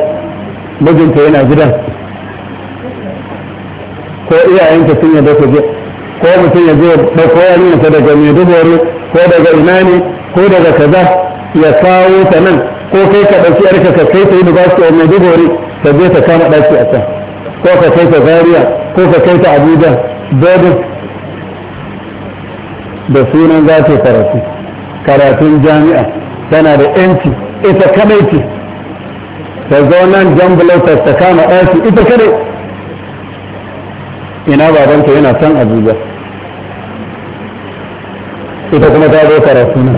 mijinta yana gidan ko iyayenka sun yarda su je ko mutum ya je ɗauko yarinyarsa daga maiduguri ko daga ina ne ko daga kaza ya kawo ta nan ko kai ka ɗauki yarka ka kai ta yi university a maiduguri ka je ta kama ɗaki a can ko ka kai ta Zariya ko ka kai ta abuja dodon da sunan za ta karatu karatun jami'a tana da yanci ita kadai ce ta zo nan jan ta kama ɗaki ita kadai ina babanta yana san abuja ita kuma ta zo karatu na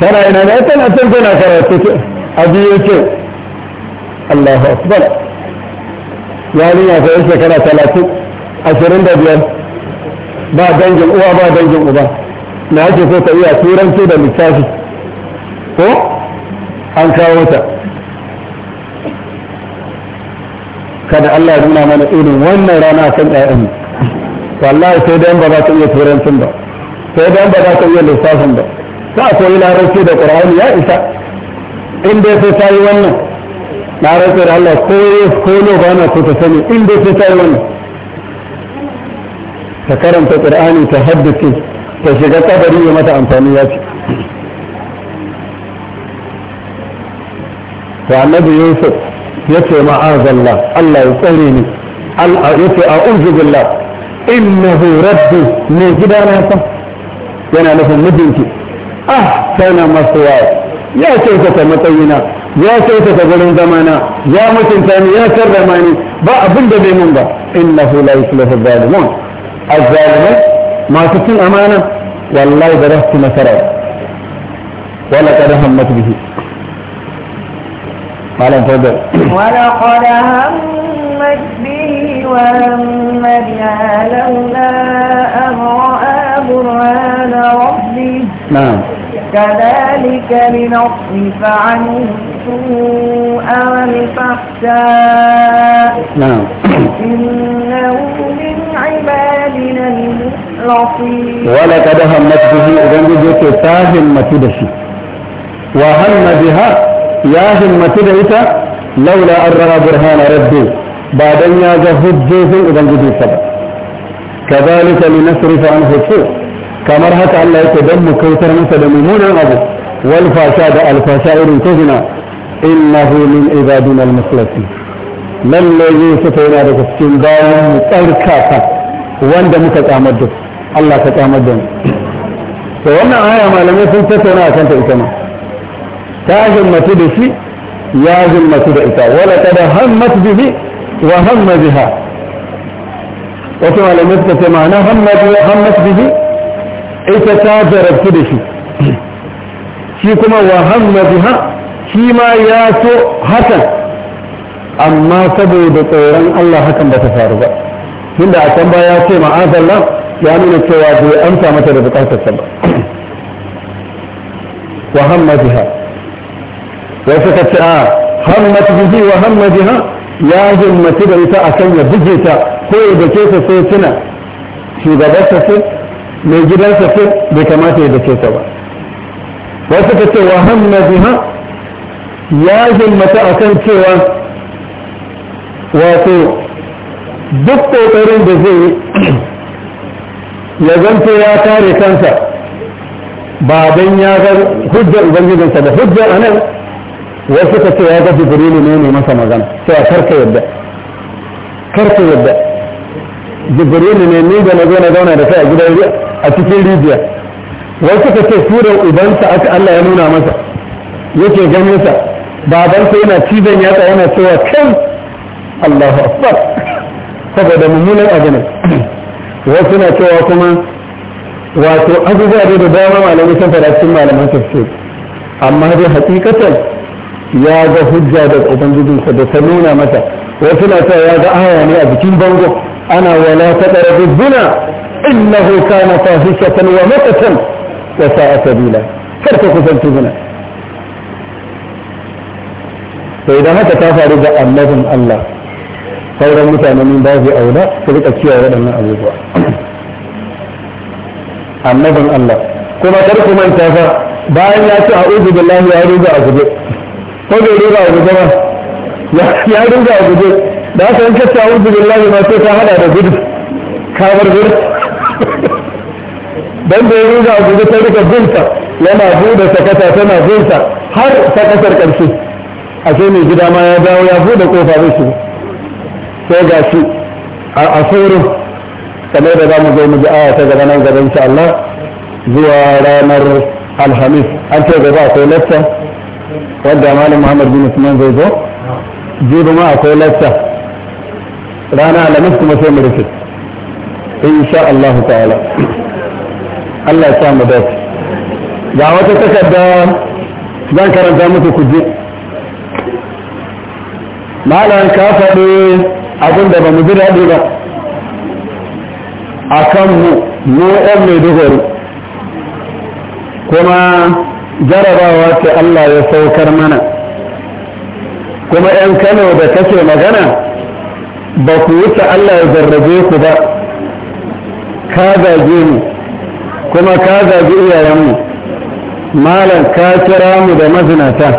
tana ina na tana can tana karatu a biyu ce Allahu akbar yarinya ya yi shekara talatin ashirin da biyar ba dangin uwa ba dangin uba na ake so ta iya turanci da littafi ko an kawo ta kada Allah ya nuna mana irin wannan rana a kan ƴaƴan wallahi sai dan ba za ta iya turancin ba sai dan ba za ta iya lissafin ba ta koyi larabci da qur'ani ya isa in dai sai ta yi wannan larabci da Allah ko ko ne ba na so ta sani in dai sai ta yi wannan ta karanta qur'ani ta haddace ta shiga kabari ya mata amfani ya ce to annabi yusuf يتي معاذ الله الله يسهلني يتي أعوذ بالله إنه ربي من جبال هسا ينا نفهم مدينك أحسن مصواي يا كيف تمطينا يا كيف تقولون زمانا يا متنتاني يا كرماني با أبن دبيمون با إنه لا يسلح الظالمون الظالمين ما تكون أمانا والله درست مسرع ولقد همت به قال انتظر ولقد همت به وهم بها لولا أن رأى برهان ربي نعم كذلك لنصرف عنه السوء والفحشاء نعم إنه من عبادنا المخلصين ولقد همت به اذا جئت فاهم متدشي وهم بها ya himmatu da ita laula an ra'a burhana rabbi ba dan ya ga hujjojin ubangijinsa ba kazalika linasrifa an hujjojin kamar haka Allah yake don mu kautar masa da mummunan abu wal fasha da alfasha irin ta zina innahu min ibadina al-mukhlasin lalle Yusuf yana daga cikin bayan mu tsarkaka wanda muka tsamar da Allah ka tsamar da mu to wannan aya malamai sun tattauna akan ta ita ma ta himmatu da shi ya himmatu da ita wala kada hammat bihi wa hamma biha wasu malamai suka ce ma'ana hammat bihi ita ta jarabtu da shi shi kuma wa hamma biha shi ma ya so hakan amma saboda tsoron Allah hakan ba ta faru ba tunda a can baya ce ma'azallah ya nuna cewa bai amsa mata da bukatarsa ba wa hamma biha wasu ka ce a hammat bihi wa hamma biha ya himmatu da ita akan ya buge ta ko ya dake ta sai tuna shugabarsa ce mai gidansa ce bai kamata ya dake ta ba wasu ka ce wa hamma biha ya himmatu akan cewa wato duk kokarin da zai yi ya zanto ya kare kansa ba don ya ga hujjar ubangijinsa da hujjar a nan wasu ka ce ya ga jibrilu ne ne masa magana sai karka yadda karka yadda jibrilu ne ni da na zo na zauna da kai a gidan a cikin rijiya wasu ka ce surar ubansa aka Allah ya nuna masa yake ganin sa babansa yana cizon yatsa yana cewa kan Allahu akbar saboda mummunan abu ne wasu na cewa kuma wato abubuwa da dama malamai sun fara cikin malaman tafsir amma dai hakikatan ya ga hujja da ubangijinsa da ta nuna masa wasu na ta ya ga aya ne a jikin bango ana wala ta ɗarabi zina ta kana fahishatan wa matatan wa a sabila kar ka kusanci zina sai da haka ta faru da annabin Allah sauran mutanen ba zai aula su rika kiyaye waɗannan abubuwa annabin Allah kuma kar ku manta fa bayan ya ci ce a'udhu billahi ya ruba a guje ko bai rera a guje ba ya dinga a guje da aka in ka ce a'udhu billahi ma sai ta hada da gudu ka bar gudu dan da ya ringa a guje ta rika binta yana buɗe sakata tana binsa har ta kasar ƙarshe ashe mai gida ma ya dawo ya buɗe kofa zai shiga sai ga shi a saurin kamar da za mu zo mu ji aya ta gaba nan gaba insha Allah zuwa ranar alhamis an ce gaba akwai lacca wadda malam muhammad bin usman zai zo jibi ma akwai lasta rana alamis kuma sai mu rufe insha Allah ta'ala Allah ya sa mu dace ga wata takarda zan karanta muku kuje malam ka faɗi abin da ba mu ji daɗi ba a kan mu mu ɗan mai dogaro kuma jarabawa ce Allah ya saukar mana kuma 'yan kano da kake magana ba ku wuce Allah ya zarrabe ku ba ka zage mu kuma ka zage iyayenmu malam ka kira mu da mazinata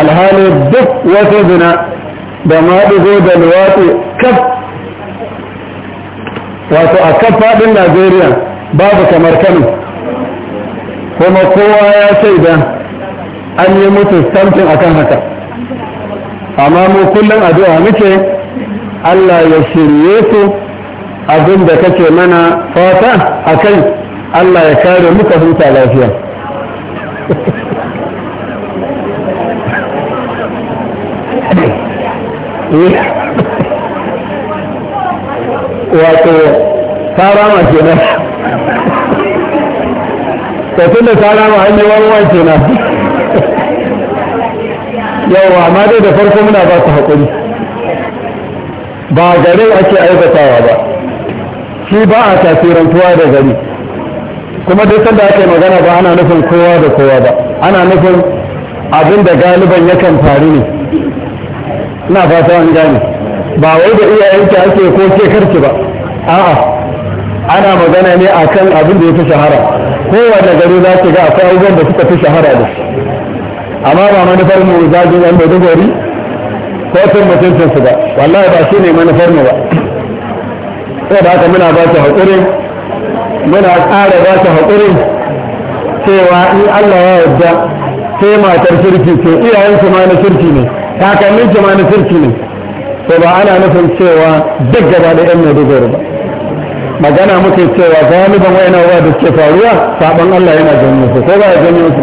alhali duk wata zina da maɗigo da luwaɗi kaf wato a kaf faɗin najeriya babu kamar kano kuma kowa ya shaida an yi musu stamfin akan haka amma mu kullum addu'a muke Allah ya shirye su abin da kake mana fata a kai Allah ya kare muka huta lafiya wato tarama kenan tafi da tsara ma hanyar ke kenan yawa amma dai da farko muna ba su haƙuri ba garin ake aibatawa ba shi ba a tuwa da gari kuma duk sanda aka yi magana ba ana nufin kowa da kowa ba ana nufin abin da galiban yakan faru ne ina fata an gane ba wai da iyayenki ake ko ke karki ba a'a ana magana ne akan abin da ya fi shahara kowane gari za ki ga akwai abubuwan da suka fi shahara da su amma ba manufar mu yan ko sun mutuncin su ba wallahi ba shi ne manufar mu ba sai da haka muna ba su haƙuri muna ƙara ba su haƙuri cewa in Allah ya yarda sai matar kirki ce iyayen ma na kirki ne kakannin ma na kirki ne to ba ana nufin cewa duk gaba da yan maiduguri ba magana muke cewa galiban wayan wa da suke faruwa saban Allah yana janyo su ko ba ya janyo su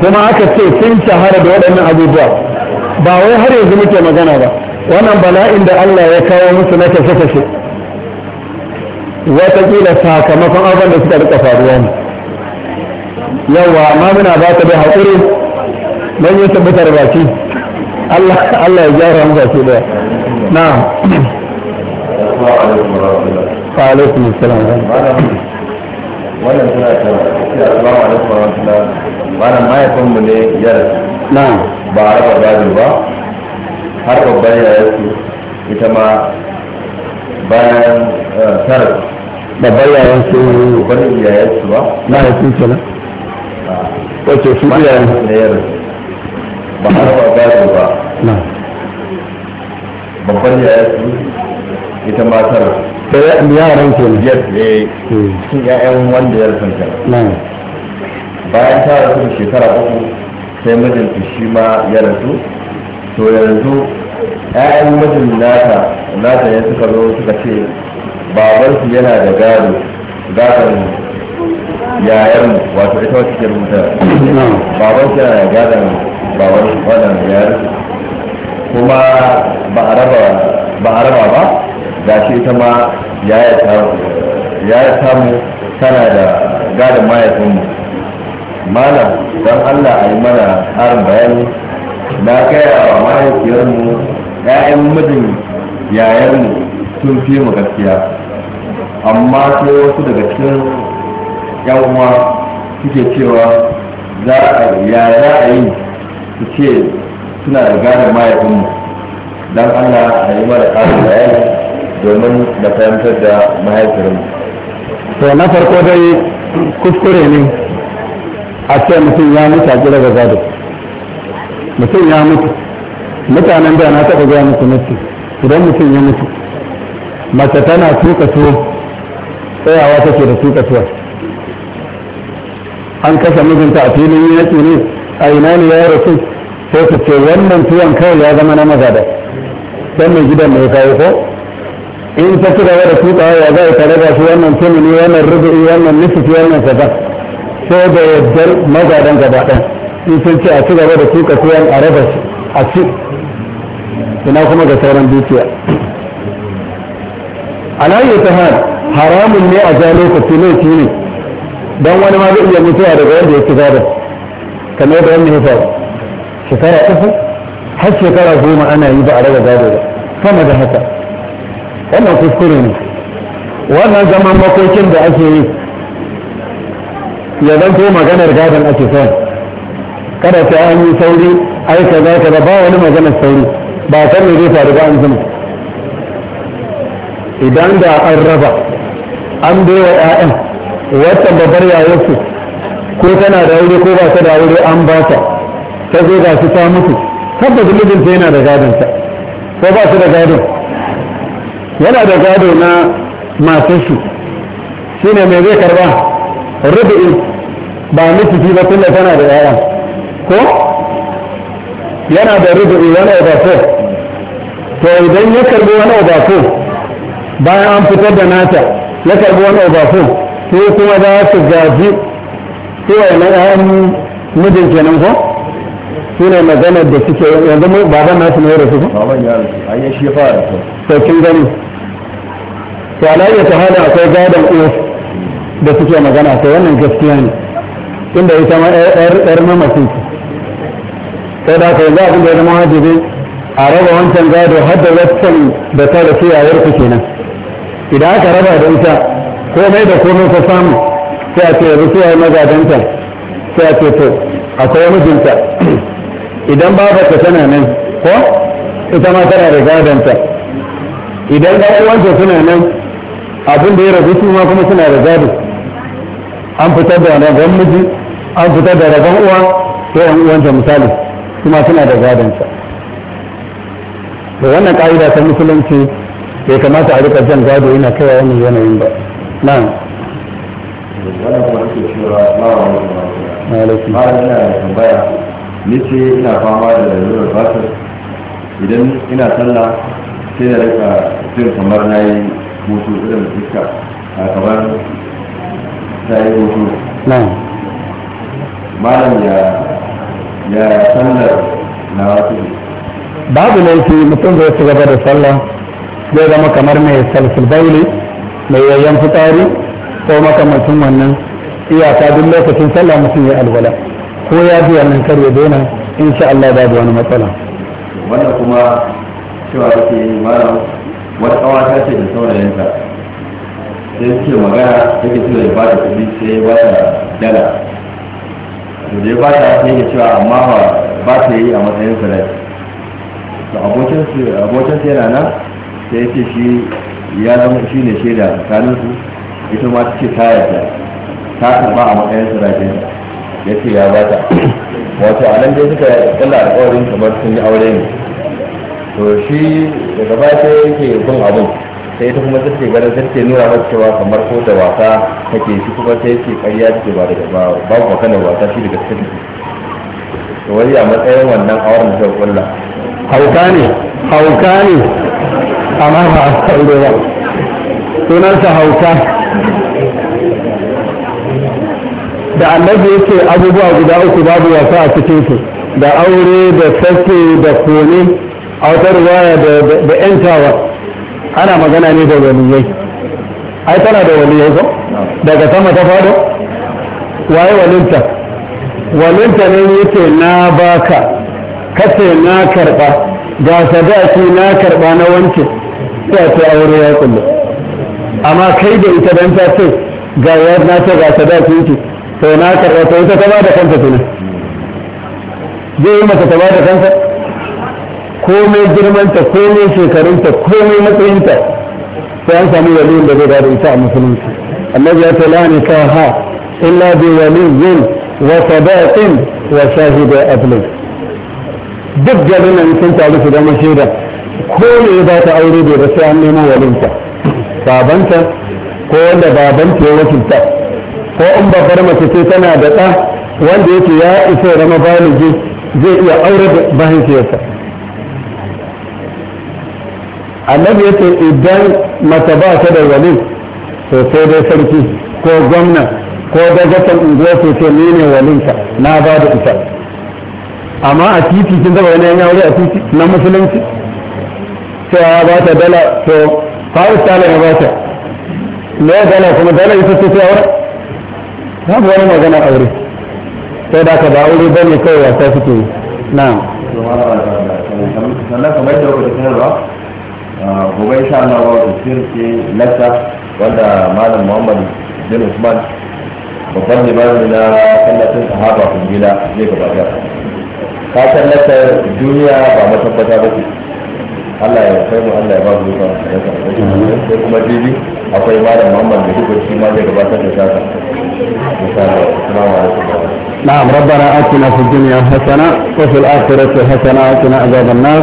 kuma aka ce sun shahara da waɗannan abubuwa ba wai har yanzu muke magana ba wannan bala'in da Allah ya kawo musu na kashe-kashe watakila sakamakon abin da suka rika faruwa ne yawa amma muna ba ta bai haƙuri don yi da baki Allah ya gyara mu baki daya na wa alaikum assalam wannan suna ta assalamu mu ne yar na ba a raba gado ba har babban yayarsu ita ma bayan eh, tara babban yayansu babban yayansu ba na yakin kenan wace su ah. iyayen ne yar ba a raba gado ba babban yayansu ita ma tara da yaran ke ne eh, cikin 'ya'yan wanda ya rasu kenan bayan ta rasu da shekara uku sai mijinta shi ma ya rasu to yanzu 'ya'yan mijin nata nata ya suka zo suka ce su yana da gado gadon yayar wato ita wacce ke rubuta su yana da gadon baban wannan yayar kuma ba a raba ba ga shi ita ma ya samu tana da gadon mahaifinmu malam don allah a yi mana tsarin bayani na gaya wa mahaifiyarmu 'ya'yan mijin yayanmu sun fi mu gaskiya amma ko wasu daga cikin yan uwa suke cewa za a yaya a yi su ce suna da gane mahaifinmu don allah a yi mana bayani domin na fahimtar da mahaifirin to na farko dai kuskure ne a ce mutum ya mutu a jira ga gado mutum ya mutu mutanen da na taɓa gaya mutu mutu idan mutum ya mutu mace tana tuka tuwo tsayawa ta ke da tuka tuwa an kasa mijinta a filin yaki ne a ina ne ya rasu sai ta ce wannan tuwon kawai ya zama na maza da don mai gidan mai kawo ko in ta ci gaba da tukawa ya zai tare da shi wannan tumini wannan rubu'i wannan nufi wannan kaza sai da yaddar magadan gaba ɗan in sun ce a ci gaba da tuka kuwan a raba shi a ci ina kuma ga sauran dukiya A alayya ta hal haramun ne a ja lokaci laifi ne don wani ma zai iya mutuwa daga wanda ya ci gaba kamar da wani ya shekara uku har shekara goma ana yi ba a raba gado ba sama da haka wannan kuskure ne wannan zaman makokin da ake yi ya zanto maganar gadon ake son kada ta an yi sauri ai kaza kaza ba wani maganar sauri ba a kan zai faru ba an zama idan da an raba an bai 'ya'yan wata babbar su ko tana da aure ko ba ta da aure an ba ta ta zo ga su ta mutu tabbata mijinta yana da gadon ta ko ba su da gadon yana da gado na masu su shi ne mai zai karba rubu'in ba nufi ba tunda tana da yaya ko yana da rubu'i wani obafo to idan ya karbi wani obafo bayan an fitar da nata ya karbi wani obafo to kuma za su gaji sai na ƴaƴan mijin kenan ko su ne maganar da suke yanzu baban nasu ne ya rasu ba baban ya rasu an yi shi fara to kin gani to ta hada akwai gadon uwa da suke magana ta wannan gaskiya ne inda ita ma yar mamacin ce sai da kai yanzu a da ya zama wajibi a raba wancan gado har da wancan da ta da yayar ku kenan idan aka raba da ita komai da komai ka samu sai a ce yanzu su magadanta sai a ce to akwai mijinta idan ta tana nan ko ita ma tana da gadanta idan ɗan uwanta suna nan abin da ya rabu su ma kuma suna da gado an fitar da ragon miji an fitar da ragon uwa ko an yan uwanta misali kuma suna da gadonsa da wannan ka'ida ta musulunci bai kamata a rika jan gado yana kaiwa wannan yanayin ba na'am ni ce ina fama da lalurar basir idan ina sallah sai da rika jin kamar na yi hoto irin a kamar ta yi hoto malam ya ya sallar na wasu babu laifi mutum zai ci gaba da sallah zai zama kamar mai salsul bauli mai yayyan fitari ko makamacin wannan iyaka duk lokacin sallah mutum ya alwala ko ya biya nan kar ya daina insha Allah babu wani matsala wannan kuma cewa take malam wata ta ce da saurayinta sai suke magana take so ya bata kuɗi sai ya bata dala to dai ba ta sai ke cewa amma ba ba ta yi a matsayin sadaki to abokin su yana nan sai ya ce shi ya zama shi ne shaida tsakanin su ita ma take ta yarda ta karba a matsayin sadakin ya ce ya ba ta wato a nan dai suka kalla alƙawarin kamar sun yi aure ne to shi daga baya sai yake bin abin sai ta kuma take ganin sai take nuna mata cewa kamar ko da wasa take shi kuma sai yake ƙarya take ba daga ba babu maganar wasa shi daga cikin to wai a matsayin wannan auren da ta kulla hauka ne hauka ne amma ba a sauro ba sunansa hauka da annabi yake abubuwa guda uku babu wasa a cikin su da aure da sake da kone a wata riwaya da yantawa ana magana ne da waliyai ai tana da waliyai ko daga sama ta fado waye walinta walinta ne yake na baka kace na karba ga sadaki na karba na wanke ya ce aure ya kullu amma kai da ita dan ta ce ga ya na ce ga sadaki yake to na karba to ita ta ba da kanta tunan zai yi mata ta ba da kanta komai girmanta komai shekarunta komai matsayinta sai an samu waliyin da zai gada ita a musulunci annabi ya ce lani ka ha illa bi waliyin wa sadaqin wa shahida adlin duk garin nan sun taru su zama shaida ko ne ba ta aure bai ba sai an nemo walinta babanta ko wanda babanta ya wakilta ko in babbar mace ce tana da ɗa wanda yake ya isa ya zama baligi zai iya aure da mahaifiyarsa annabi ya ce idan mace ba ta da wali to sai dai sarki ko gwamna ko dagatan unguwa su ce ni ne walinka na ba da ita amma a titi kin zaba wani yanya wuri a titi na musulunci sai ya ba ta dala to faris tsala ya ba ta ne dala kuma dala ita ce ta aure ba wani magana a wuri sai da ka ba wuri ba ne kawai wasa suke na'am Uh, gobe insha Allah ba tafsir ce lasa wanda malam Muhammad bin Usman babban limami na sallatin sahaba kungila zai gabata ka san lasa duniya ba matabbata ba ce Allah ya kai mu Allah ya ba mu zuwa da yasa sai kuma bibi akwai malam Muhammad da duk shi ma zai gabatar da saka insha assalamu alaikum نعم ربنا آتنا في الدنيا حسنة وفي الآخرة حسنة وقنا عذاب النار